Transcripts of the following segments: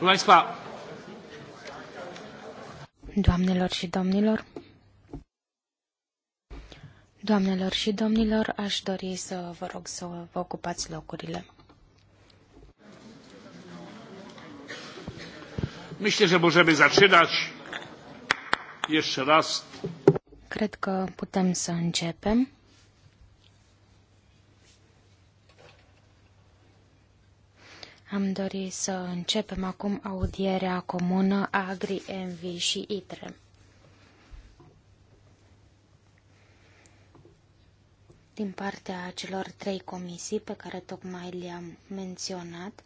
Państwa. Doamnelor și domnilor, Doamnelor și domnilor, aș dori să vă rog să vă ocupați locurile. Myślę, że możemy zaczynać. Jeszcze raz. Cred că putem să începem. Am dorit să începem acum audierea comună Agri, Envi și ITRE. Din partea celor trei comisii pe care tocmai le-am menționat,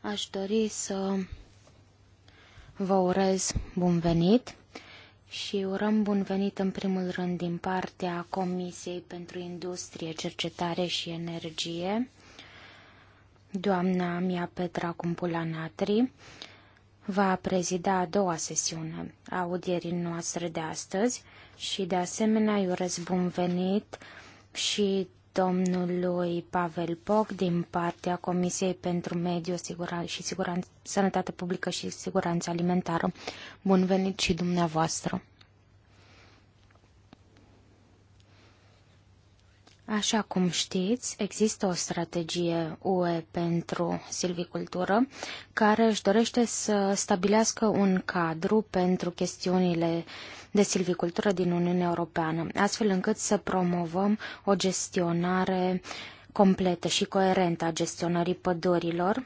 aș dori să vă urez bun venit și urăm bun venit în primul rând din partea Comisiei pentru Industrie, Cercetare și Energie, Doamna Mia Petra Natri va prezida a doua sesiune a audierii noastre de astăzi și de asemenea eu urez bun venit și domnului Pavel Poc din partea Comisiei pentru Mediu și Siguran Sănătate Publică și Siguranță Alimentară. Bun venit și dumneavoastră! Așa cum știți, există o strategie UE pentru silvicultură care își dorește să stabilească un cadru pentru chestiunile de silvicultură din Uniunea Europeană, astfel încât să promovăm o gestionare completă și coerentă a gestionării pădurilor,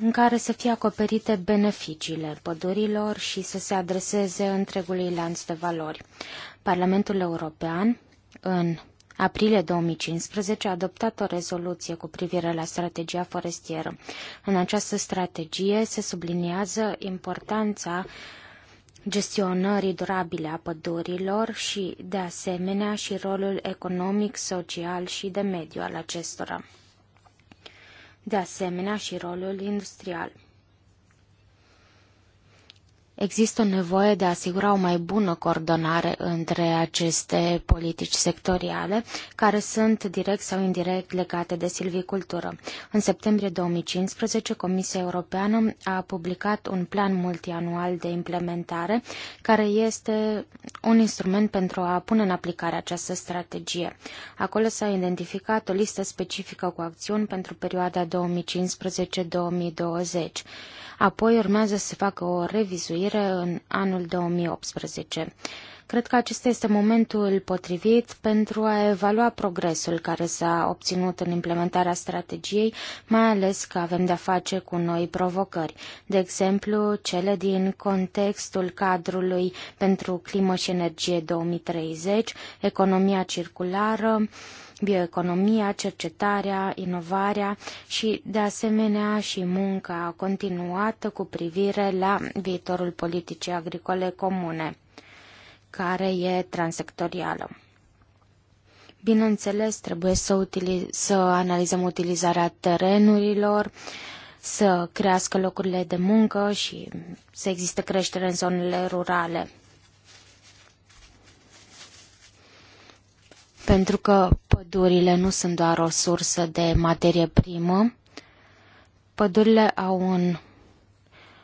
în care să fie acoperite beneficiile pădurilor și să se adreseze întregului lanț de valori. Parlamentul European, în aprilie 2015 a adoptat o rezoluție cu privire la strategia forestieră. În această strategie se subliniază importanța gestionării durabile a pădurilor și, de asemenea, și rolul economic, social și de mediu al acestora. De asemenea, și rolul industrial. Există o nevoie de a asigura o mai bună coordonare între aceste politici sectoriale, care sunt direct sau indirect legate de silvicultură. În septembrie 2015, Comisia Europeană a publicat un plan multianual de implementare, care este un instrument pentru a pune în aplicare această strategie. Acolo s-a identificat o listă specifică cu acțiuni pentru perioada 2015-2020 apoi urmează să se facă o revizuire în anul 2018. Cred că acesta este momentul potrivit pentru a evalua progresul care s-a obținut în implementarea strategiei, mai ales că avem de-a face cu noi provocări, de exemplu cele din contextul cadrului pentru climă și energie 2030, economia circulară, bioeconomia, cercetarea, inovarea și, de asemenea, și munca continuată cu privire la viitorul politicii agricole comune, care e transectorială. Bineînțeles, trebuie să, utiliz- să analizăm utilizarea terenurilor, să crească locurile de muncă și să existe creștere în zonele rurale. Pentru că Pădurile nu sunt doar o sursă de materie primă. Pădurile au un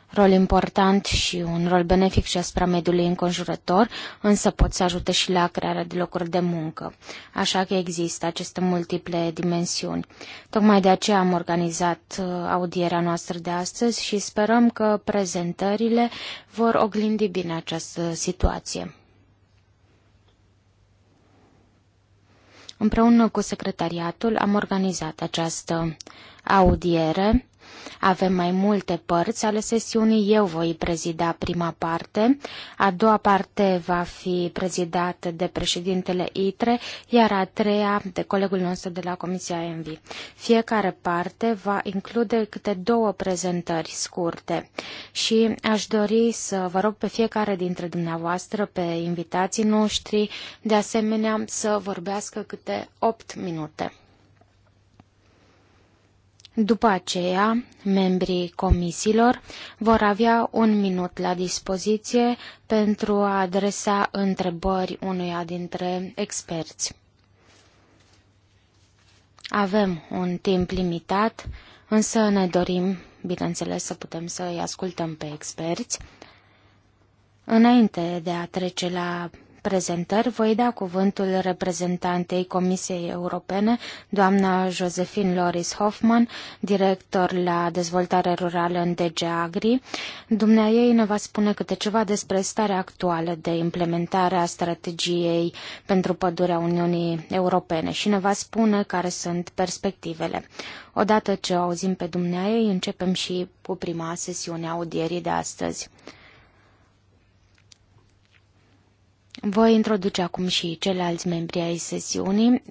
rol important și un rol benefic și asupra mediului înconjurător, însă pot să ajute și la crearea de locuri de muncă. Așa că există aceste multiple dimensiuni. Tocmai de aceea am organizat uh, audierea noastră de astăzi și sperăm că prezentările vor oglindi bine această situație. Împreună cu secretariatul am organizat această audiere avem mai multe părți ale sesiunii, eu voi prezida prima parte, a doua parte va fi prezidată de președintele ITRE, iar a treia de colegul nostru de la Comisia ENVI. Fiecare parte va include câte două prezentări scurte și aș dori să vă rog pe fiecare dintre dumneavoastră, pe invitații noștri, de asemenea să vorbească câte 8 minute. După aceea, membrii comisiilor vor avea un minut la dispoziție pentru a adresa întrebări unuia dintre experți. Avem un timp limitat, însă ne dorim, bineînțeles, să putem să îi ascultăm pe experți. Înainte de a trece la prezentări voi da cuvântul reprezentantei Comisiei Europene, doamna Josephine Loris Hoffman, director la dezvoltare rurală în DG Agri. Dumnea ei ne va spune câte ceva despre starea actuală de implementare a strategiei pentru pădurea Uniunii Europene și ne va spune care sunt perspectivele. Odată ce o auzim pe dumnea ei, începem și cu prima sesiune a audierii de astăzi. Voi introduce acum și ceilalți membri ai sesiunii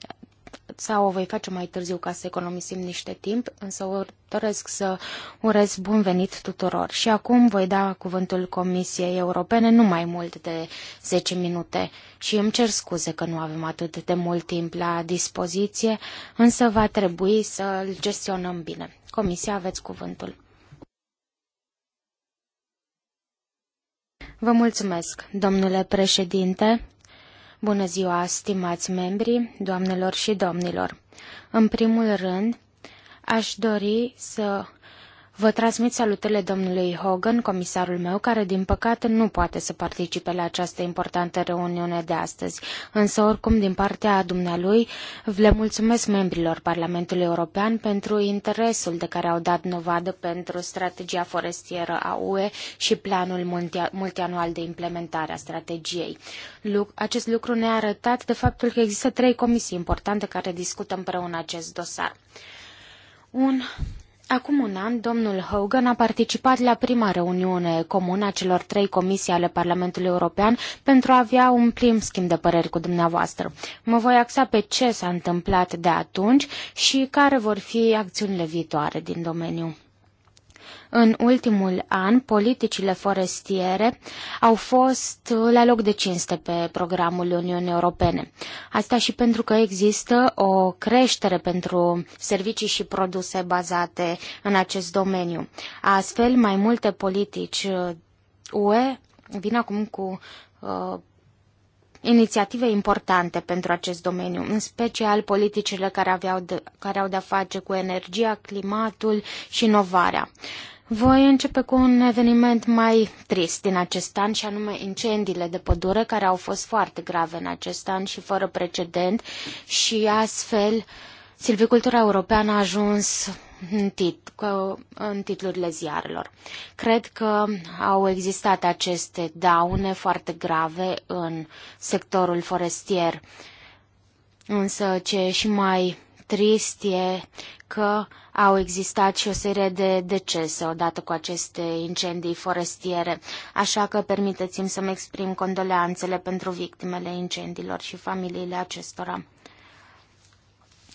sau o voi face mai târziu ca să economisim niște timp, însă vă doresc să urez bun venit tuturor. Și acum voi da cuvântul Comisiei Europene nu mai mult de 10 minute și îmi cer scuze că nu avem atât de mult timp la dispoziție, însă va trebui să l gestionăm bine. Comisia, aveți cuvântul. Vă mulțumesc, domnule președinte. Bună ziua, stimați membri, doamnelor și domnilor. În primul rând, aș dori să Vă transmit salutele domnului Hogan, comisarul meu, care din păcate nu poate să participe la această importantă reuniune de astăzi. Însă, oricum, din partea dumnealui, le mulțumesc membrilor Parlamentului European pentru interesul de care au dat novadă pentru strategia forestieră a UE și planul multianual de implementare a strategiei. Acest lucru ne-a arătat de faptul că există trei comisii importante care discută împreună acest dosar. Un Acum un an, domnul Hogan a participat la prima reuniune comună a celor trei comisii ale Parlamentului European pentru a avea un prim schimb de păreri cu dumneavoastră. Mă voi axa pe ce s-a întâmplat de atunci și care vor fi acțiunile viitoare din domeniu. În ultimul an, politicile forestiere au fost la loc de cinste pe programul Uniunii Europene. Asta și pentru că există o creștere pentru servicii și produse bazate în acest domeniu. Astfel, mai multe politici uh, UE vin acum cu uh, inițiative importante pentru acest domeniu, în special politicile care, aveau de, care au de-a face cu energia, climatul și inovarea. Uh, voi începe cu un eveniment mai trist din acest an și anume incendiile de pădure care au fost foarte grave în acest an și fără precedent și astfel silvicultura europeană a ajuns în, tit, în titlurile ziarelor. Cred că au existat aceste daune foarte grave în sectorul forestier, însă ce e și mai trist e că au existat și o serie de decese odată cu aceste incendii forestiere, așa că permiteți-mi să-mi exprim condoleanțele pentru victimele incendiilor și familiile acestora.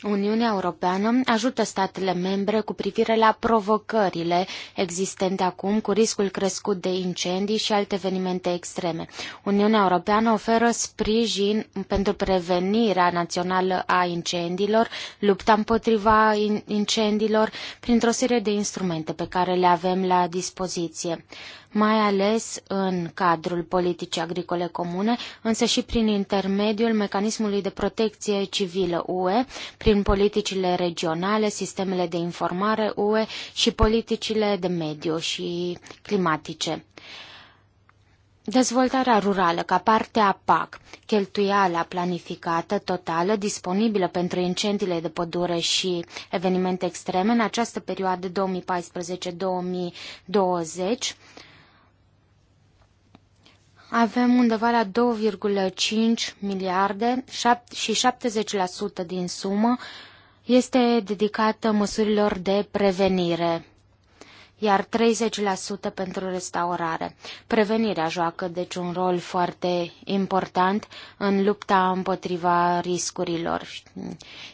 Uniunea Europeană ajută statele membre cu privire la provocările existente acum cu riscul crescut de incendii și alte evenimente extreme. Uniunea Europeană oferă sprijin pentru prevenirea națională a incendiilor, lupta împotriva incendiilor printr-o serie de instrumente pe care le avem la dispoziție mai ales în cadrul politicii agricole comune, însă și prin intermediul mecanismului de protecție civilă UE, prin politicile regionale, sistemele de informare UE și politicile de mediu și climatice. Dezvoltarea rurală ca parte a PAC, cheltuiala planificată totală disponibilă pentru incendiile de pădure și evenimente extreme în această perioadă 2014-2020, avem undeva la 2,5 miliarde și 70% din sumă este dedicată măsurilor de prevenire, iar 30% pentru restaurare. Prevenirea joacă deci un rol foarte important în lupta împotriva riscurilor,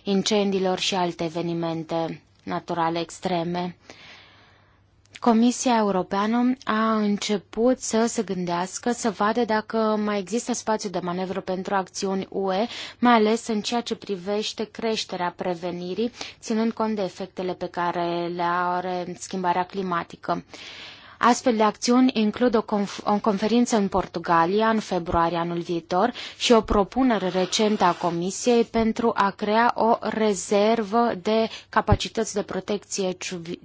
incendiilor și alte evenimente naturale extreme. Comisia Europeană a început să se gândească, să vadă dacă mai există spațiu de manevră pentru acțiuni UE, mai ales în ceea ce privește creșterea prevenirii, ținând cont de efectele pe care le are schimbarea climatică. Astfel de acțiuni includ o, conf- o conferință în Portugalia în februarie anul viitor și o propunere recentă a Comisiei pentru a crea o rezervă de capacități de protecție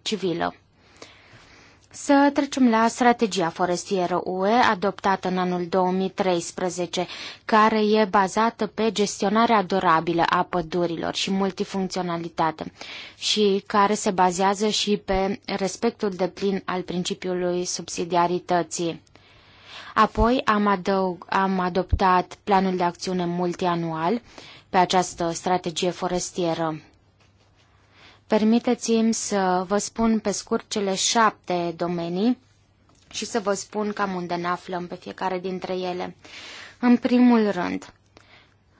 civilă. Să trecem la strategia forestieră UE adoptată în anul 2013, care e bazată pe gestionarea durabilă a pădurilor și multifuncționalitate și care se bazează și pe respectul deplin al principiului subsidiarității. Apoi am, adăug, am adoptat planul de acțiune multianual pe această strategie forestieră Permiteți-mi să vă spun pe scurt cele șapte domenii și să vă spun cam unde ne aflăm pe fiecare dintre ele. În primul rând,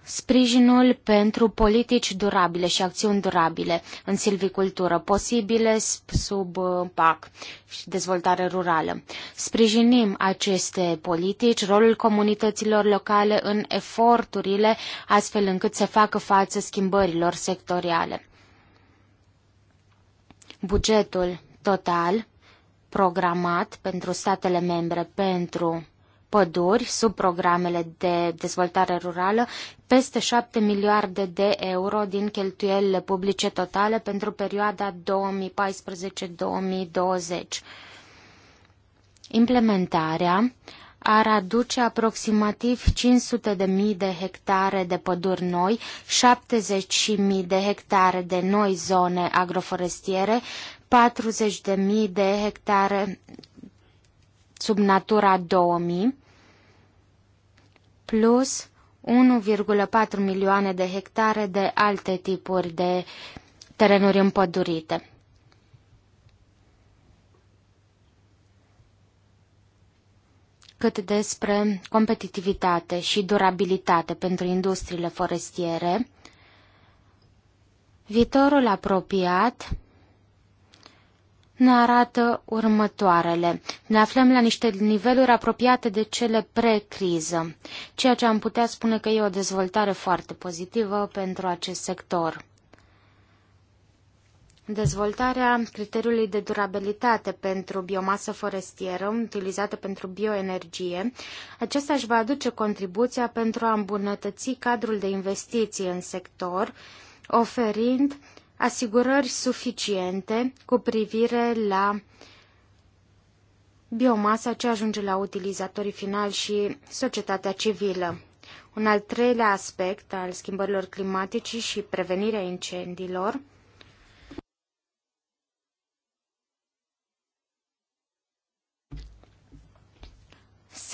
sprijinul pentru politici durabile și acțiuni durabile în silvicultură, posibile sub uh, PAC și dezvoltare rurală. Sprijinim aceste politici, rolul comunităților locale în eforturile, astfel încât să facă față schimbărilor sectoriale. Bugetul total programat pentru statele membre pentru păduri sub programele de dezvoltare rurală peste 7 miliarde de euro din cheltuielile publice totale pentru perioada 2014-2020. Implementarea ar aduce aproximativ 500.000 de mii de hectare de păduri noi, 70.000 mii de hectare de noi zone agroforestiere, 40.000 de mii de hectare sub natura 2000, plus 1,4 milioane de hectare de alte tipuri de terenuri împădurite. cât despre competitivitate și durabilitate pentru industriile forestiere, viitorul apropiat ne arată următoarele. Ne aflăm la niște niveluri apropiate de cele pre-criză, ceea ce am putea spune că e o dezvoltare foarte pozitivă pentru acest sector. Dezvoltarea criteriului de durabilitate pentru biomasă forestieră utilizată pentru bioenergie, acesta își va aduce contribuția pentru a îmbunătăți cadrul de investiții în sector, oferind asigurări suficiente cu privire la biomasa ce ajunge la utilizatorii finali și societatea civilă. Un al treilea aspect al schimbărilor climatice și prevenirea incendiilor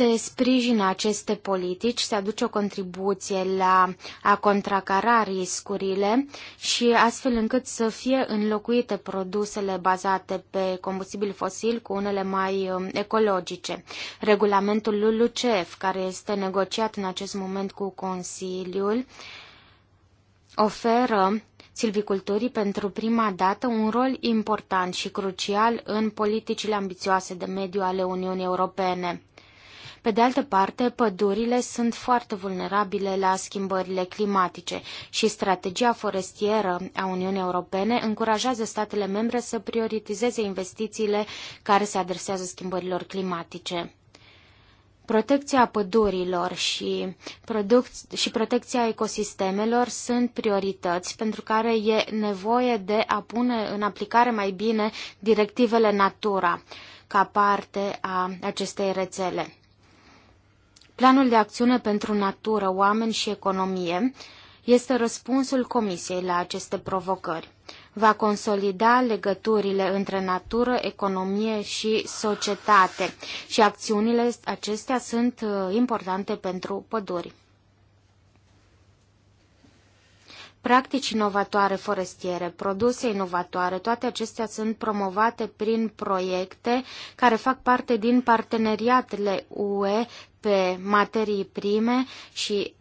se sprijină aceste politici, se aduce o contribuție la a contracara riscurile și astfel încât să fie înlocuite produsele bazate pe combustibil fosil cu unele mai um, ecologice. Regulamentul LULUCF, care este negociat în acest moment cu Consiliul, oferă silviculturii pentru prima dată un rol important și crucial în politicile ambițioase de mediu ale Uniunii Europene. Pe de altă parte, pădurile sunt foarte vulnerabile la schimbările climatice și strategia forestieră a Uniunii Europene încurajează statele membre să prioritizeze investițiile care se adresează schimbărilor climatice protecția pădurilor și, produc- și protecția ecosistemelor sunt priorități pentru care e nevoie de a pune în aplicare mai bine directivele Natura ca parte a acestei rețele. Planul de acțiune pentru natură, oameni și economie este răspunsul Comisiei la aceste provocări. Va consolida legăturile între natură, economie și societate și acțiunile acestea sunt uh, importante pentru păduri. Practici inovatoare forestiere, produse inovatoare, toate acestea sunt promovate prin proiecte care fac parte din parteneriatele UE pe materii prime și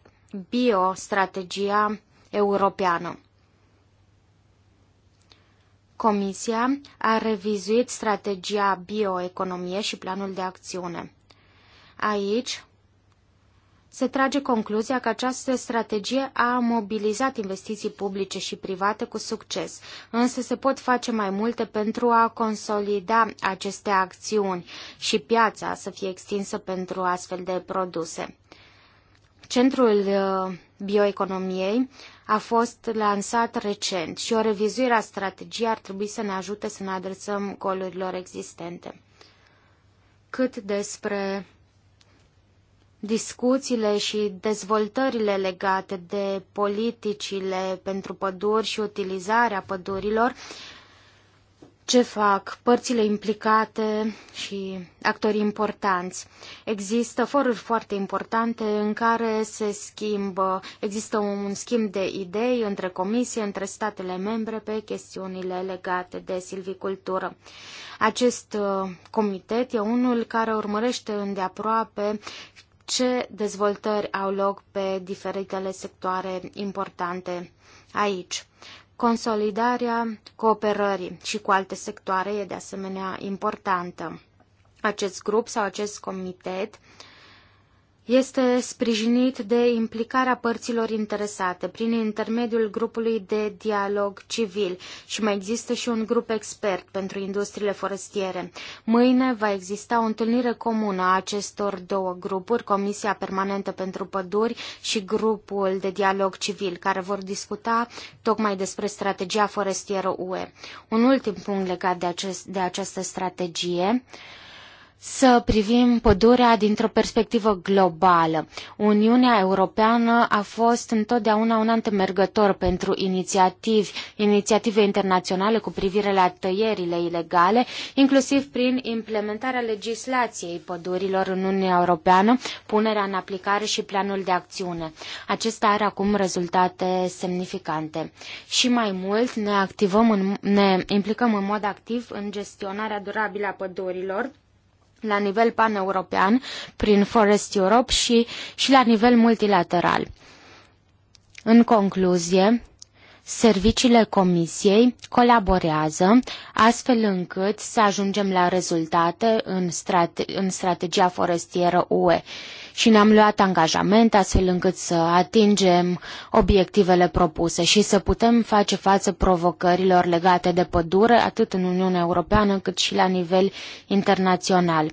biostrategia europeană. Comisia a revizuit strategia bioeconomie și planul de acțiune. Aici se trage concluzia că această strategie a mobilizat investiții publice și private cu succes, însă se pot face mai multe pentru a consolida aceste acțiuni și piața să fie extinsă pentru astfel de produse. Centrul uh, bioeconomiei a fost lansat recent și o revizuire a strategiei ar trebui să ne ajute să ne adresăm golurilor existente. Cât despre discuțiile și dezvoltările legate de politicile pentru păduri și utilizarea pădurilor, ce fac părțile implicate și actorii importanți. Există foruri foarte importante în care se schimbă, există un schimb de idei între comisie, între statele membre pe chestiunile legate de silvicultură. Acest uh, comitet e unul care urmărește îndeaproape ce dezvoltări au loc pe diferitele sectoare importante aici. Consolidarea cooperării și cu alte sectoare e de asemenea importantă. Acest grup sau acest comitet este sprijinit de implicarea părților interesate prin intermediul grupului de dialog civil și mai există și un grup expert pentru industriile forestiere. Mâine va exista o întâlnire comună a acestor două grupuri, Comisia Permanentă pentru Păduri și grupul de dialog civil, care vor discuta tocmai despre strategia forestieră UE. Un ultim punct legat de, acest, de această strategie. Uh, să privim pădurea dintr-o perspectivă globală. Uniunea Europeană a fost întotdeauna un antemergător pentru inițiativi, inițiative internaționale cu privire la tăierile ilegale, inclusiv prin implementarea legislației pădurilor în Uniunea Europeană, punerea în aplicare și planul de acțiune. Acesta are acum rezultate semnificante. Și mai mult ne, activăm în, ne implicăm în mod activ în gestionarea durabilă a pădurilor, la nivel paneuropean prin Forest Europe și, și la nivel multilateral. În concluzie, serviciile Comisiei colaborează astfel încât să ajungem la rezultate în, strate- în strategia forestieră UE și ne-am luat angajament astfel încât să atingem obiectivele propuse și să putem face față provocărilor legate de pădure atât în Uniunea Europeană cât și la nivel internațional.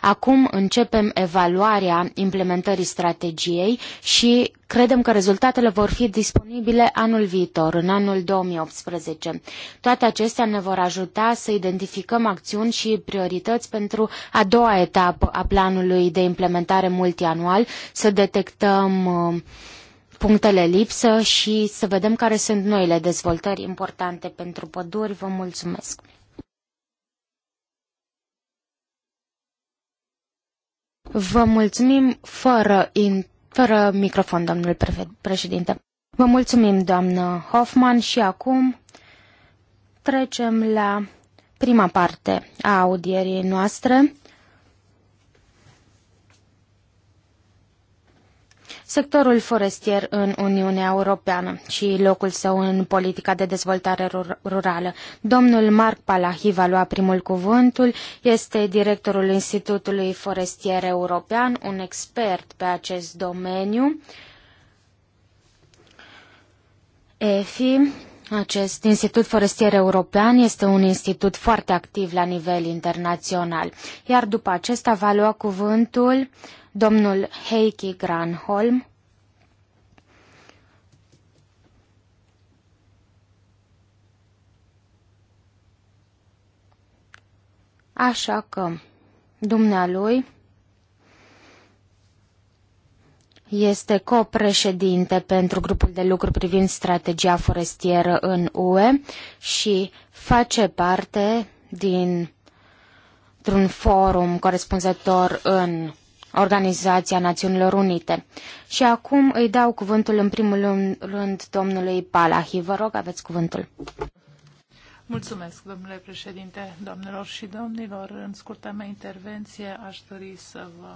Acum începem evaluarea implementării strategiei și credem că rezultatele vor fi disponibile anul viitor, în anul 2018. Toate acestea ne vor ajuta să identificăm acțiuni și priorități pentru a doua etapă a planului de implementare multi multianual, să detectăm uh, punctele lipsă și să vedem care sunt noile dezvoltări importante pentru păduri. Vă mulțumesc! Vă mulțumim fără, in, fără microfon, domnul președinte. Vă mulțumim, doamnă Hoffman, și acum trecem la prima parte a audierii noastre. sectorul forestier în Uniunea Europeană și locul său în politica de dezvoltare rur rurală. Domnul Marc Palahi va lua primul cuvântul, este directorul Institutului Forestier European, un expert pe acest domeniu. EFI, acest Institut Forestier European este un institut foarte activ la nivel internațional, iar după acesta va lua cuvântul uh, domnul Heike Granholm, Așa că dumnealui este copreședinte pentru grupul de lucru privind strategia forestieră în UE și face parte din un forum corespunzător în Organizația Națiunilor Unite. Și acum îi dau cuvântul în primul rând domnului Palahi. Vă rog, aveți cuvântul. Mulțumesc, domnule președinte, domnilor și domnilor. În scurta mea intervenție aș dori să vă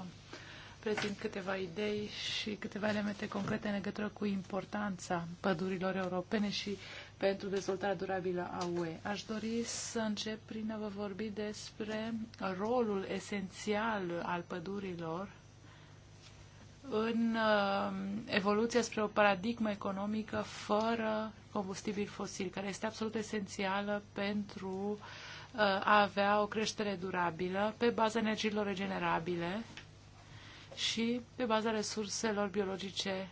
prezint câteva idei și câteva elemente concrete în legătură cu importanța pădurilor europene și pentru dezvoltarea durabilă a UE. Aș dori să încep prin a vă vorbi despre rolul esențial al pădurilor în uh, evoluția spre o paradigmă economică fără combustibil fosil, care este absolut esențială pentru uh, a avea o creștere durabilă pe baza energiilor regenerabile și pe baza resurselor biologice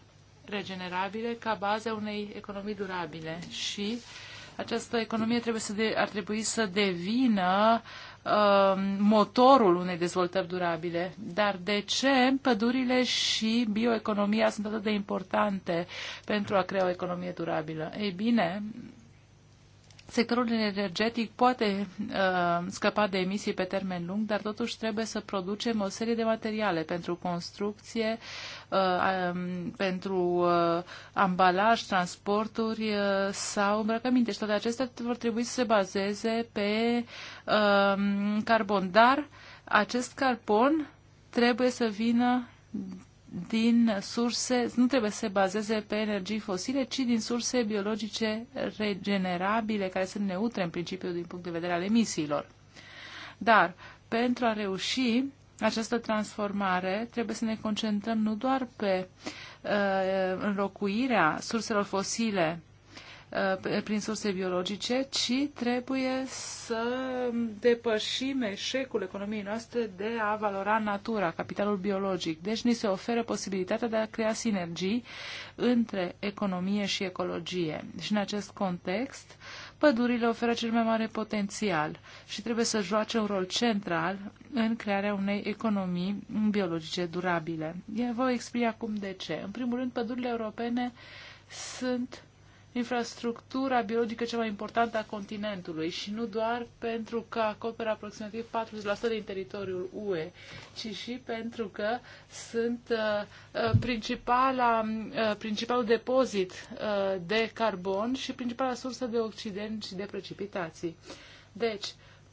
regenerabile ca bază unei economii durabile și această economie trebuie să de, ar trebui să devină uh, motorul unei dezvoltări durabile. Dar de ce pădurile și bioeconomia sunt atât de importante pentru a crea o economie durabilă? Ei bine, sectorul energetic poate uh, scăpa de emisii pe termen lung, dar totuși trebuie să producem o serie de materiale pentru construcție, uh, um, pentru uh, ambalaj, transporturi uh, sau îmbrăcăminte. Și toate acestea vor trebui să se bazeze pe uh, carbon, dar acest carbon trebuie să vină din surse, nu trebuie să se bazeze pe energii fosile, ci din surse biologice regenerabile, care sunt neutre în principiu din punct de vedere al emisiilor. Dar, pentru a reuși această transformare, trebuie să ne concentrăm nu doar pe uh, înlocuirea surselor fosile Uh, prin surse biologice, ci trebuie să depășim eșecul economiei noastre de a valora natura, capitalul biologic. Deci ni se oferă posibilitatea de a crea sinergii între economie și ecologie. Și în acest context, pădurile oferă cel mai mare potențial și trebuie să joace un rol central în crearea unei economii biologice durabile. Eu vă explic acum de ce. În primul rând, pădurile europene sunt infrastructura biologică cea mai importantă a continentului și nu doar pentru că acoperă aproximativ 40% din teritoriul UE, ci și pentru că sunt uh, uh, principala, uh, principalul depozit de carbon și principala sursă de oxigen și de precipitații. Deci,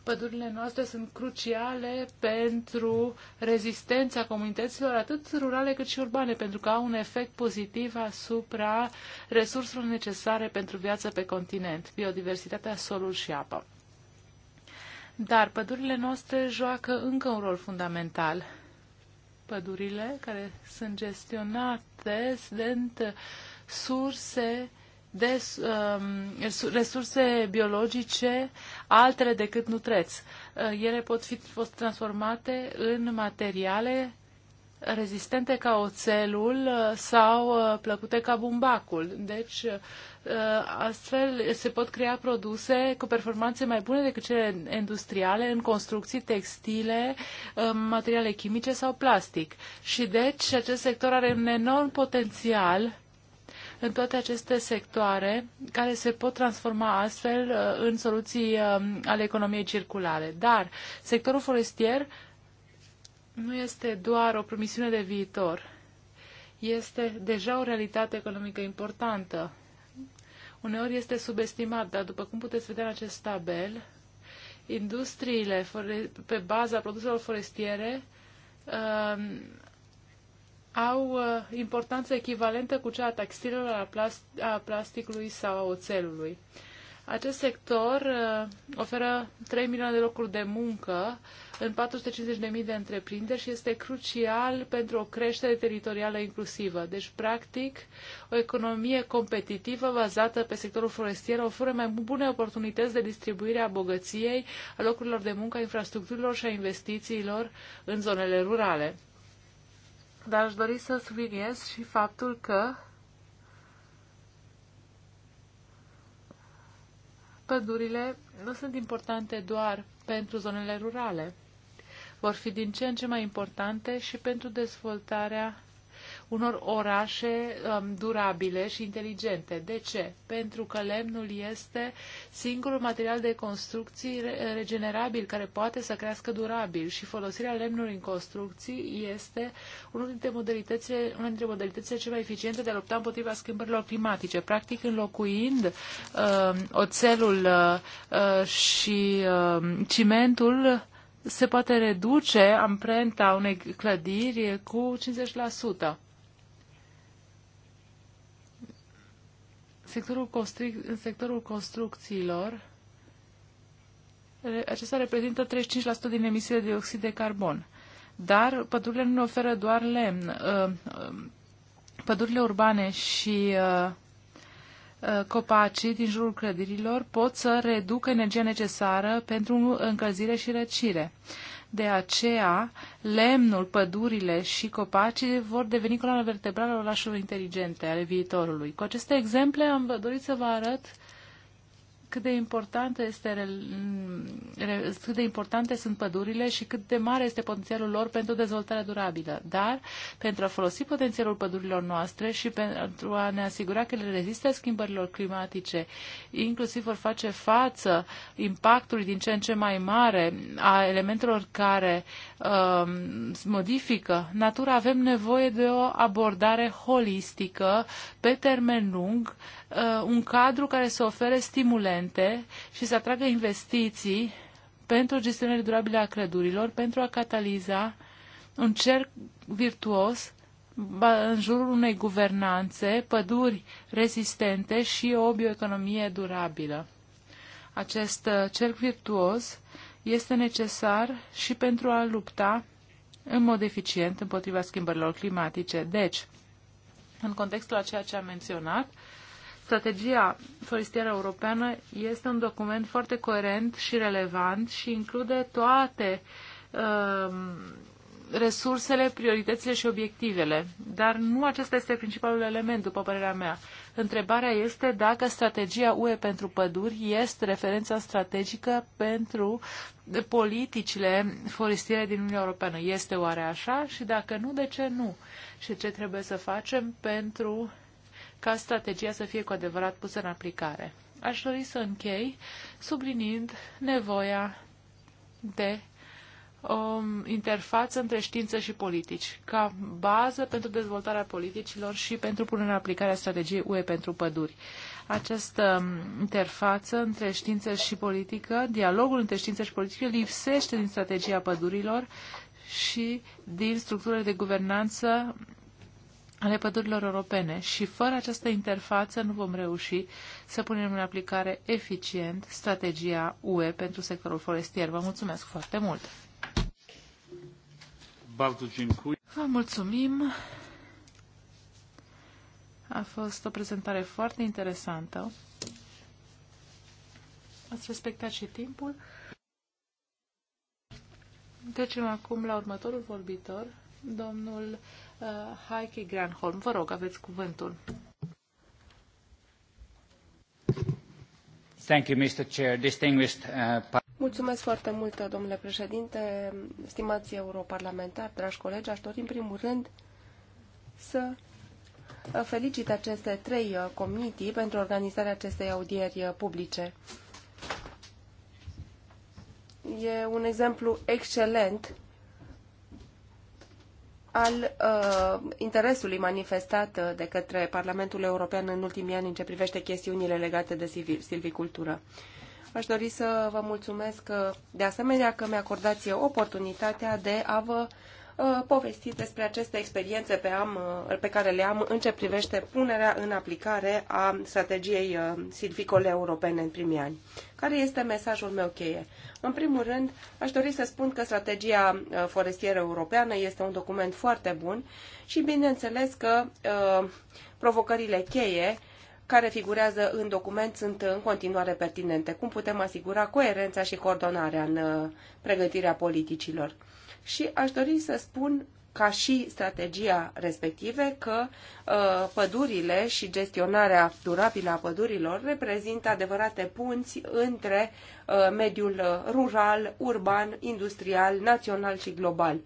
Pădurile noastre sunt cruciale pentru rezistența comunităților, atât rurale cât și urbane, pentru că au un efect pozitiv asupra resurselor necesare pentru viața pe continent, biodiversitatea, solul și apa. Dar pădurile noastre joacă încă un rol fundamental. Pădurile care sunt gestionate sunt surse uh, de um, resurse biologice altele decât nutreți. Uh, ele pot fi fost transformate în materiale rezistente ca oțelul uh, sau uh, plăcute ca bumbacul. Deci, astfel se pot crea produse cu performanțe mai bune decât cele industriale în construcții, textile, um, materiale chimice sau plastic. Și deci, acest sector are un enorm potențial în toate aceste sectoare care se pot transforma astfel uh, în soluții uh, ale economiei circulare. Dar sectorul forestier nu este doar o promisiune de viitor, este deja o realitate economică importantă. Uneori este subestimat, dar după cum puteți vedea în acest tabel, industriile pe baza produselor forestiere uh, au uh, importanță echivalentă cu cea a textilelor, a, plast- a plasticului sau a oțelului. Acest sector uh, oferă 3 milioane de locuri de muncă în 450.000 de întreprinderi și este crucial pentru o creștere teritorială inclusivă. Deci, practic, o economie competitivă bazată pe sectorul forestier oferă mai bune oportunități de distribuire a bogăției, a locurilor de muncă, a infrastructurilor și a investițiilor în zonele rurale. Dar aș dori să subliniez și faptul că pădurile nu sunt importante doar pentru zonele rurale. Vor fi din ce în ce mai importante și pentru dezvoltarea unor orașe um, durabile și inteligente. De ce? Pentru că lemnul este singurul material de construcții regenerabil care poate să crească durabil și folosirea lemnului în construcții este unul dintre modalitățile, una dintre modalitățile cele mai eficiente de a lupta împotriva schimbărilor climatice. Practic, înlocuind um, oțelul uh, uh și uh, cimentul, se poate reduce amprenta unei clădiri cu 50%. sectorul, construc- în sectorul construcțiilor, acesta reprezintă 35% din emisiile de dioxid de carbon. Dar pădurile nu ne oferă doar lemn. Uh, uh, pădurile urbane și uh, copacii din jurul clădirilor pot să reducă energia necesară pentru încălzire și răcire. De aceea, lemnul, pădurile și copacii vor deveni coloana vertebrală a orașului inteligente ale viitorului. Cu aceste exemple am dorit să vă arăt cât de, importantă este, cât de importante sunt pădurile și cât de mare este potențialul lor pentru dezvoltarea durabilă. Dar pentru a folosi potențialul pădurilor noastre și pentru a ne asigura că le rezistă schimbărilor climatice, inclusiv vor face față impactului din ce în ce mai mare a elementelor care uh, modifică natura, avem nevoie de o abordare holistică pe termen lung Uh, un cadru care să ofere stimulente și să atragă investiții pentru gestionare durabilă a credurilor, pentru a cataliza un cerc virtuos în jurul unei guvernanțe, păduri rezistente și o bioeconomie durabilă. Acest uh, cerc virtuos este necesar și pentru a lupta în mod eficient împotriva schimbărilor climatice. Deci, în contextul a ceea ce am menționat, Strategia forestieră europeană este un document foarte coerent și relevant și include toate um, resursele, prioritățile și obiectivele. Dar nu acesta este principalul element, după părerea mea. Întrebarea este dacă strategia UE pentru păduri este referența strategică pentru politicile forestiere din Uniunea Europeană. Este oare așa? Și dacă nu, de ce nu? Și ce trebuie să facem pentru ca strategia să fie cu adevărat pusă în aplicare. Aș dori să închei sublinind nevoia de o um, interfață între știință și politici, ca bază pentru dezvoltarea politicilor și pentru punerea în aplicare a strategiei UE pentru păduri. Această um, interfață între știință și politică, dialogul între știință și politică, lipsește din strategia pădurilor și din structurile de guvernanță ale pădurilor europene și fără această interfață nu vom reuși să punem în aplicare eficient strategia UE pentru sectorul forestier. Vă mulțumesc foarte mult! Vă mulțumim! A fost o prezentare foarte interesantă. Ați respectat și timpul. Trecem acum la următorul vorbitor, domnul Uh, Heike Granholm. Vă rog, aveți cuvântul. Thank you, Mr. Chair. Distinguished, uh, Mulțumesc foarte mult, domnule președinte, stimați europarlamentari, dragi colegi. Aș dori, în primul rând, să felicit aceste trei uh, comitii pentru organizarea acestei audieri uh, publice. E un exemplu excelent al uh, interesului manifestat uh, de către Parlamentul European în ultimii ani în ce privește chestiunile legate de silvicultură. Aș dori să vă mulțumesc uh, de asemenea că mi-acordați oportunitatea de a vă Uh, povesti despre aceste experiențe pe, am, uh, pe care le am în ce privește punerea în aplicare a strategiei uh, silvicole europene în primii ani. Care este mesajul meu cheie? În primul rând, aș dori să spun că strategia forestieră europeană este un document foarte bun și bineînțeles că provocările cheie care figurează în document sunt în continuare pertinente. Cum putem asigura coerența și coordonarea în pregătirea politicilor? și aș dori să spun ca și strategia respective că uh, pădurile și gestionarea durabilă a pădurilor reprezintă adevărate punți între uh, mediul rural, urban, industrial, național și global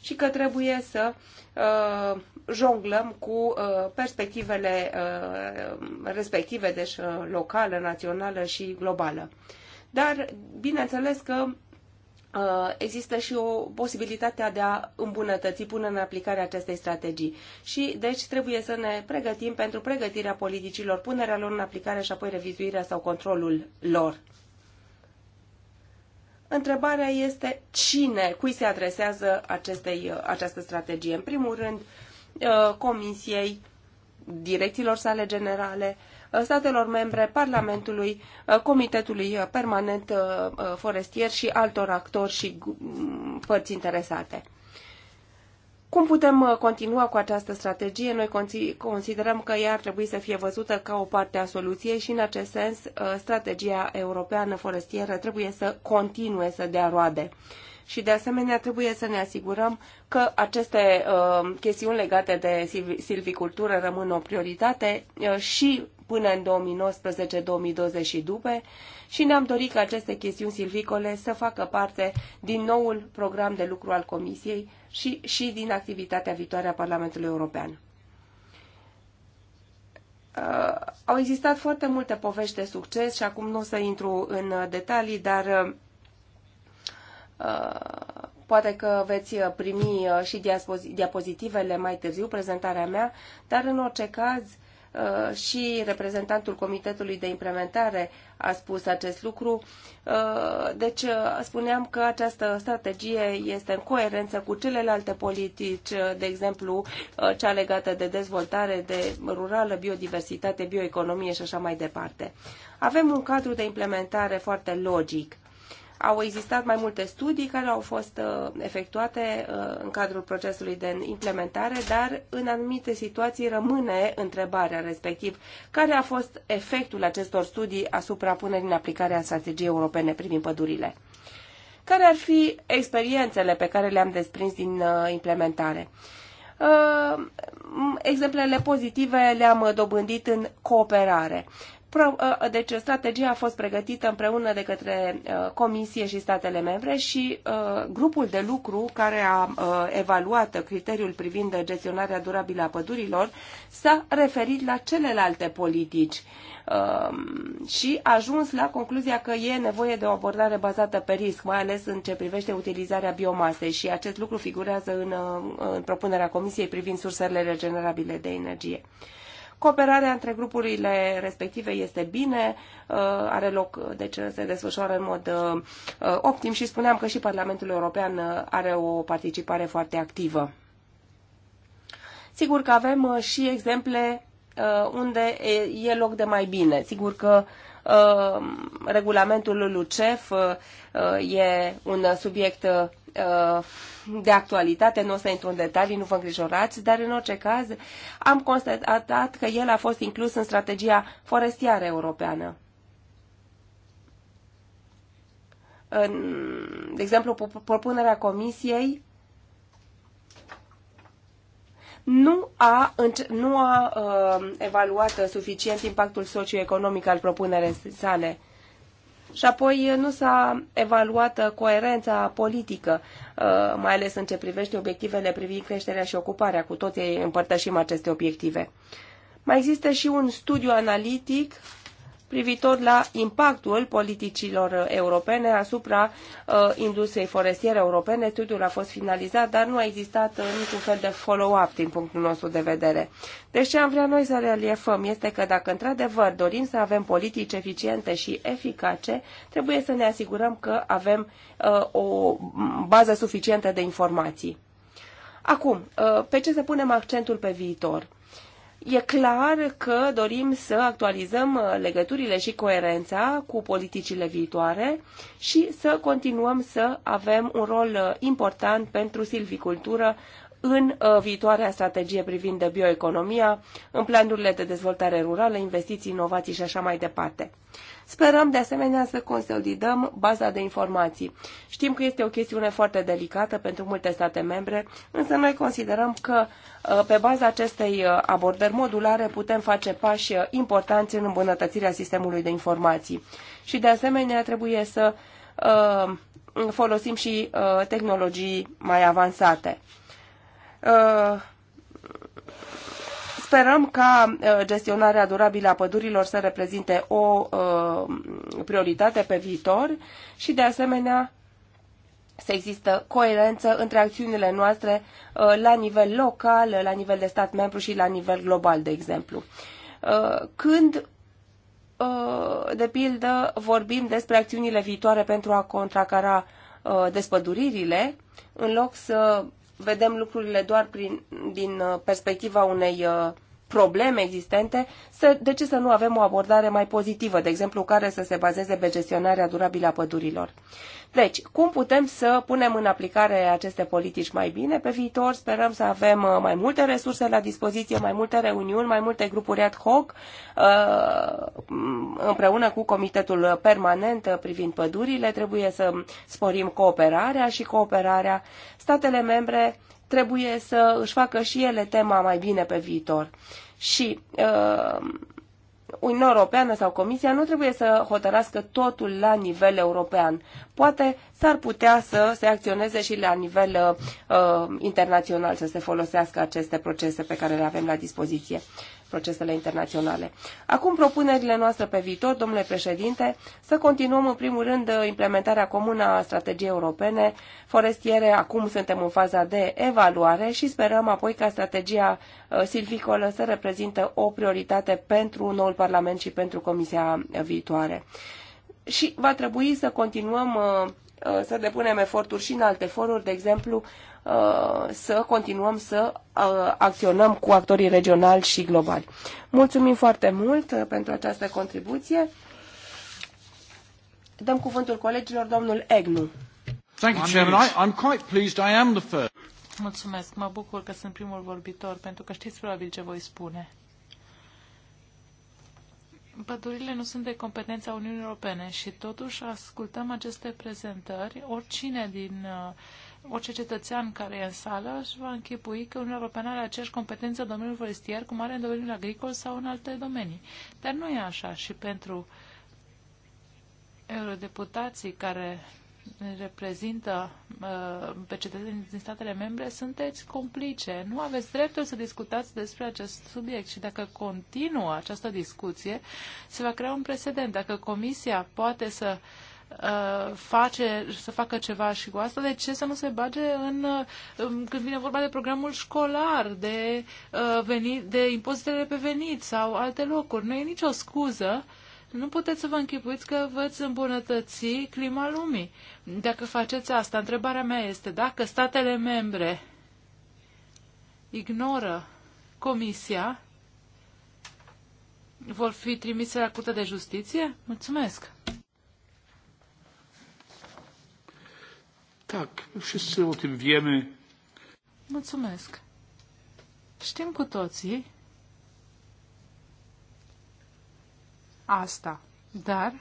și că trebuie să uh, jonglăm cu uh, perspectivele uh, respective, deci uh, locală, națională și globală. Dar, bineînțeles că Uh, există și o posibilitate de a îmbunătăți până în aplicare acestei strategii. Și deci trebuie să ne pregătim pentru pregătirea politicilor, punerea lor în aplicare și apoi revizuirea sau controlul lor. Întrebarea este cine, cui se adresează acestei, uh, această strategie. În primul rând, uh, comisiei, direcțiilor sale generale, statelor membre, Parlamentului, uh, Comitetului Permanent uh, uh, Forestier și altor actori și mm, părți interesate. Cum putem continua cu această strategie? Noi considerăm că ea ar trebui să fie văzută ca o parte a soluției și, în acest sens, strategia europeană forestieră trebuie să continue să dea roade și de asemenea trebuie să ne asigurăm că aceste uh, chestiuni legate de silvicultură rămân o prioritate uh, și până în 2019-2020 și după și ne-am dorit ca aceste chestiuni silvicole să facă parte din noul program de lucru al Comisiei și, și din activitatea viitoare a Parlamentului European. Uh, au existat foarte multe povești de succes și acum nu o să intru în detalii, dar uh, Uh, poate că veți primi uh, și diapozitivele mai târziu, prezentarea mea, dar în orice caz uh, și reprezentantul Comitetului de Implementare a spus acest lucru. Deci spuneam că această strategie este în coerență cu celelalte politici, de exemplu cea legată de dezvoltare de rurală, biodiversitate, bioeconomie și așa mai departe. Avem un cadru de implementare foarte logic au existat mai multe studii care au fost uh, efectuate uh, în cadrul procesului de implementare, dar în anumite situații rămâne întrebarea respectiv care a fost efectul acestor studii asupra punerii în aplicare a strategiei europene privind pădurile. Care ar fi experiențele pe care le-am desprins din uh, implementare? exemplele pozitive le-am dobândit în cooperare. Ă, deci strategia a fost pregătită împreună de către ă, Comisie și statele membre și ă, grupul de lucru care a evaluat criteriul privind gestionarea durabilă a pădurilor s-a referit la celelalte politici și a ajuns la concluzia că e nevoie de o abordare bazată pe risc, mai ales în ce privește utilizarea biomasei și acest lucru figurează în, în propunerea Comisiei privind sursele regenerabile de energie. Cooperarea între grupurile respective este bine, uh, are loc, uh, deci se desfășoară în mod uh, optim și spuneam că și Parlamentul European are o participare foarte activă. Sigur că avem și exemple unde e loc de mai bine. Sigur că regulamentul LUCEF e un subiect Uh, de actualitate, nu o să intru în detalii, nu vă îngrijorați, dar în orice caz am constatat că el a fost inclus în strategia forestiară europeană. În, de exemplu, propunerea Comisiei nu a, nu a uh, evaluat suficient impactul socioeconomic al propunerii sale. Uh, și apoi eh, nu s-a evaluat eh, coerența politică, eh, mai ales în ce privește obiectivele privind creșterea și ocuparea. Cu toții împărtășim aceste obiective. Mai există și un studiu analitic privitor la impactul politicilor europene asupra uh, industriei forestiere europene. Studiul a fost finalizat, dar nu a existat uh, niciun fel de follow-up din punctul nostru de vedere. Deci ce am vrea noi să reliefăm este că dacă într-adevăr dorim să avem politici eficiente și eficace, trebuie să ne asigurăm că avem uh, o bază suficientă de informații. Acum, uh, pe ce să punem accentul pe viitor? E clar că dorim să actualizăm uh, legăturile și coerența cu politicile viitoare și să continuăm să avem un rol uh, important pentru silvicultură în uh, viitoarea strategie privind de bioeconomia, în planurile de dezvoltare rurală, investiții, inovații și așa mai departe. Sperăm de asemenea să consolidăm baza de informații. Știm că este o chestiune foarte delicată pentru multe state membre, însă noi considerăm că uh, pe baza acestei uh, abordări modulare putem face pași uh, importanți în îmbunătățirea sistemului de informații. Și de asemenea trebuie să folosim și tehnologii mai avansate Sperăm ca uh, gestionarea durabilă a pădurilor să reprezinte o uh, prioritate pe viitor și, de asemenea, să există coerență între acțiunile noastre uh, la nivel local, la nivel de stat membru și la nivel global, de exemplu. Când de pildă, vorbim despre acțiunile viitoare pentru a contracara despăduririle, în loc să vedem lucrurile doar prin, din perspectiva unei probleme existente, să, de ce să nu avem o abordare mai pozitivă, de exemplu, care să se bazeze pe gestionarea durabilă a pădurilor. Deci, cum putem să punem în aplicare aceste politici mai bine pe viitor? Sperăm să avem uh, mai multe resurse la dispoziție, mai multe reuniuni, mai multe grupuri ad hoc, uh, împreună cu Comitetul Permanent uh, privind pădurile. Trebuie să sporim cooperarea și cooperarea. Statele membre trebuie să își facă și ele tema mai bine pe viitor. Și uh, Uniunea Europeană sau Comisia nu trebuie să hotărască totul la nivel european. Poate s-ar putea să se acționeze și la nivel uh, internațional, să se folosească aceste procese pe care le avem la dispoziție procesele internaționale. Acum propunerile noastre pe viitor, domnule președinte, să continuăm în primul rând implementarea comună a strategiei europene forestiere. Acum suntem în faza de evaluare și sperăm apoi ca strategia uh, silvicolă să reprezintă o prioritate pentru noul Parlament și pentru Comisia viitoare. Și va trebui să continuăm uh, uh, să depunem eforturi și în alte foruri, de exemplu, Uh, să continuăm să uh, acționăm cu actorii regionali și globali. Mulțumim foarte mult uh, pentru această contribuție. Dăm cuvântul colegilor, domnul Egnu. Thank you, Chairman. I, I'm quite pleased I am the first. Mulțumesc, mă bucur că sunt primul vorbitor, pentru că știți probabil ce voi spune. Pădurile nu sunt de competența Uniunii Europene și totuși ascultăm aceste prezentări. Oricine din uh, orice cetățean care e în sală și va închipui că Uniunea Europeană are aceeași competență în domeniul forestier cum are în domeniul agricol sau în alte domenii. Dar nu e așa și pentru eurodeputații care reprezintă uh, pe cetățenii din statele membre, sunteți complice. Nu aveți dreptul să discutați despre acest subiect și dacă continuă această discuție, se va crea un precedent. Dacă Comisia poate să uh, Uh, face, să facă ceva și cu asta, de ce să nu se bage în, uh, când vine vorba de programul școlar, de, uh, venit, de impozitele pe venit sau alte locuri. Nu e nicio scuză nu puteți să vă închipuiți că veți îmbunătăți clima lumii. Dacă faceți asta, întrebarea mea este dacă statele membre ignoră comisia, vor fi trimise la Curtea de Justiție? Mulțumesc! Tak, wszyscy o tym wiemy. Mulțumesc. Știm cu toții asta, dar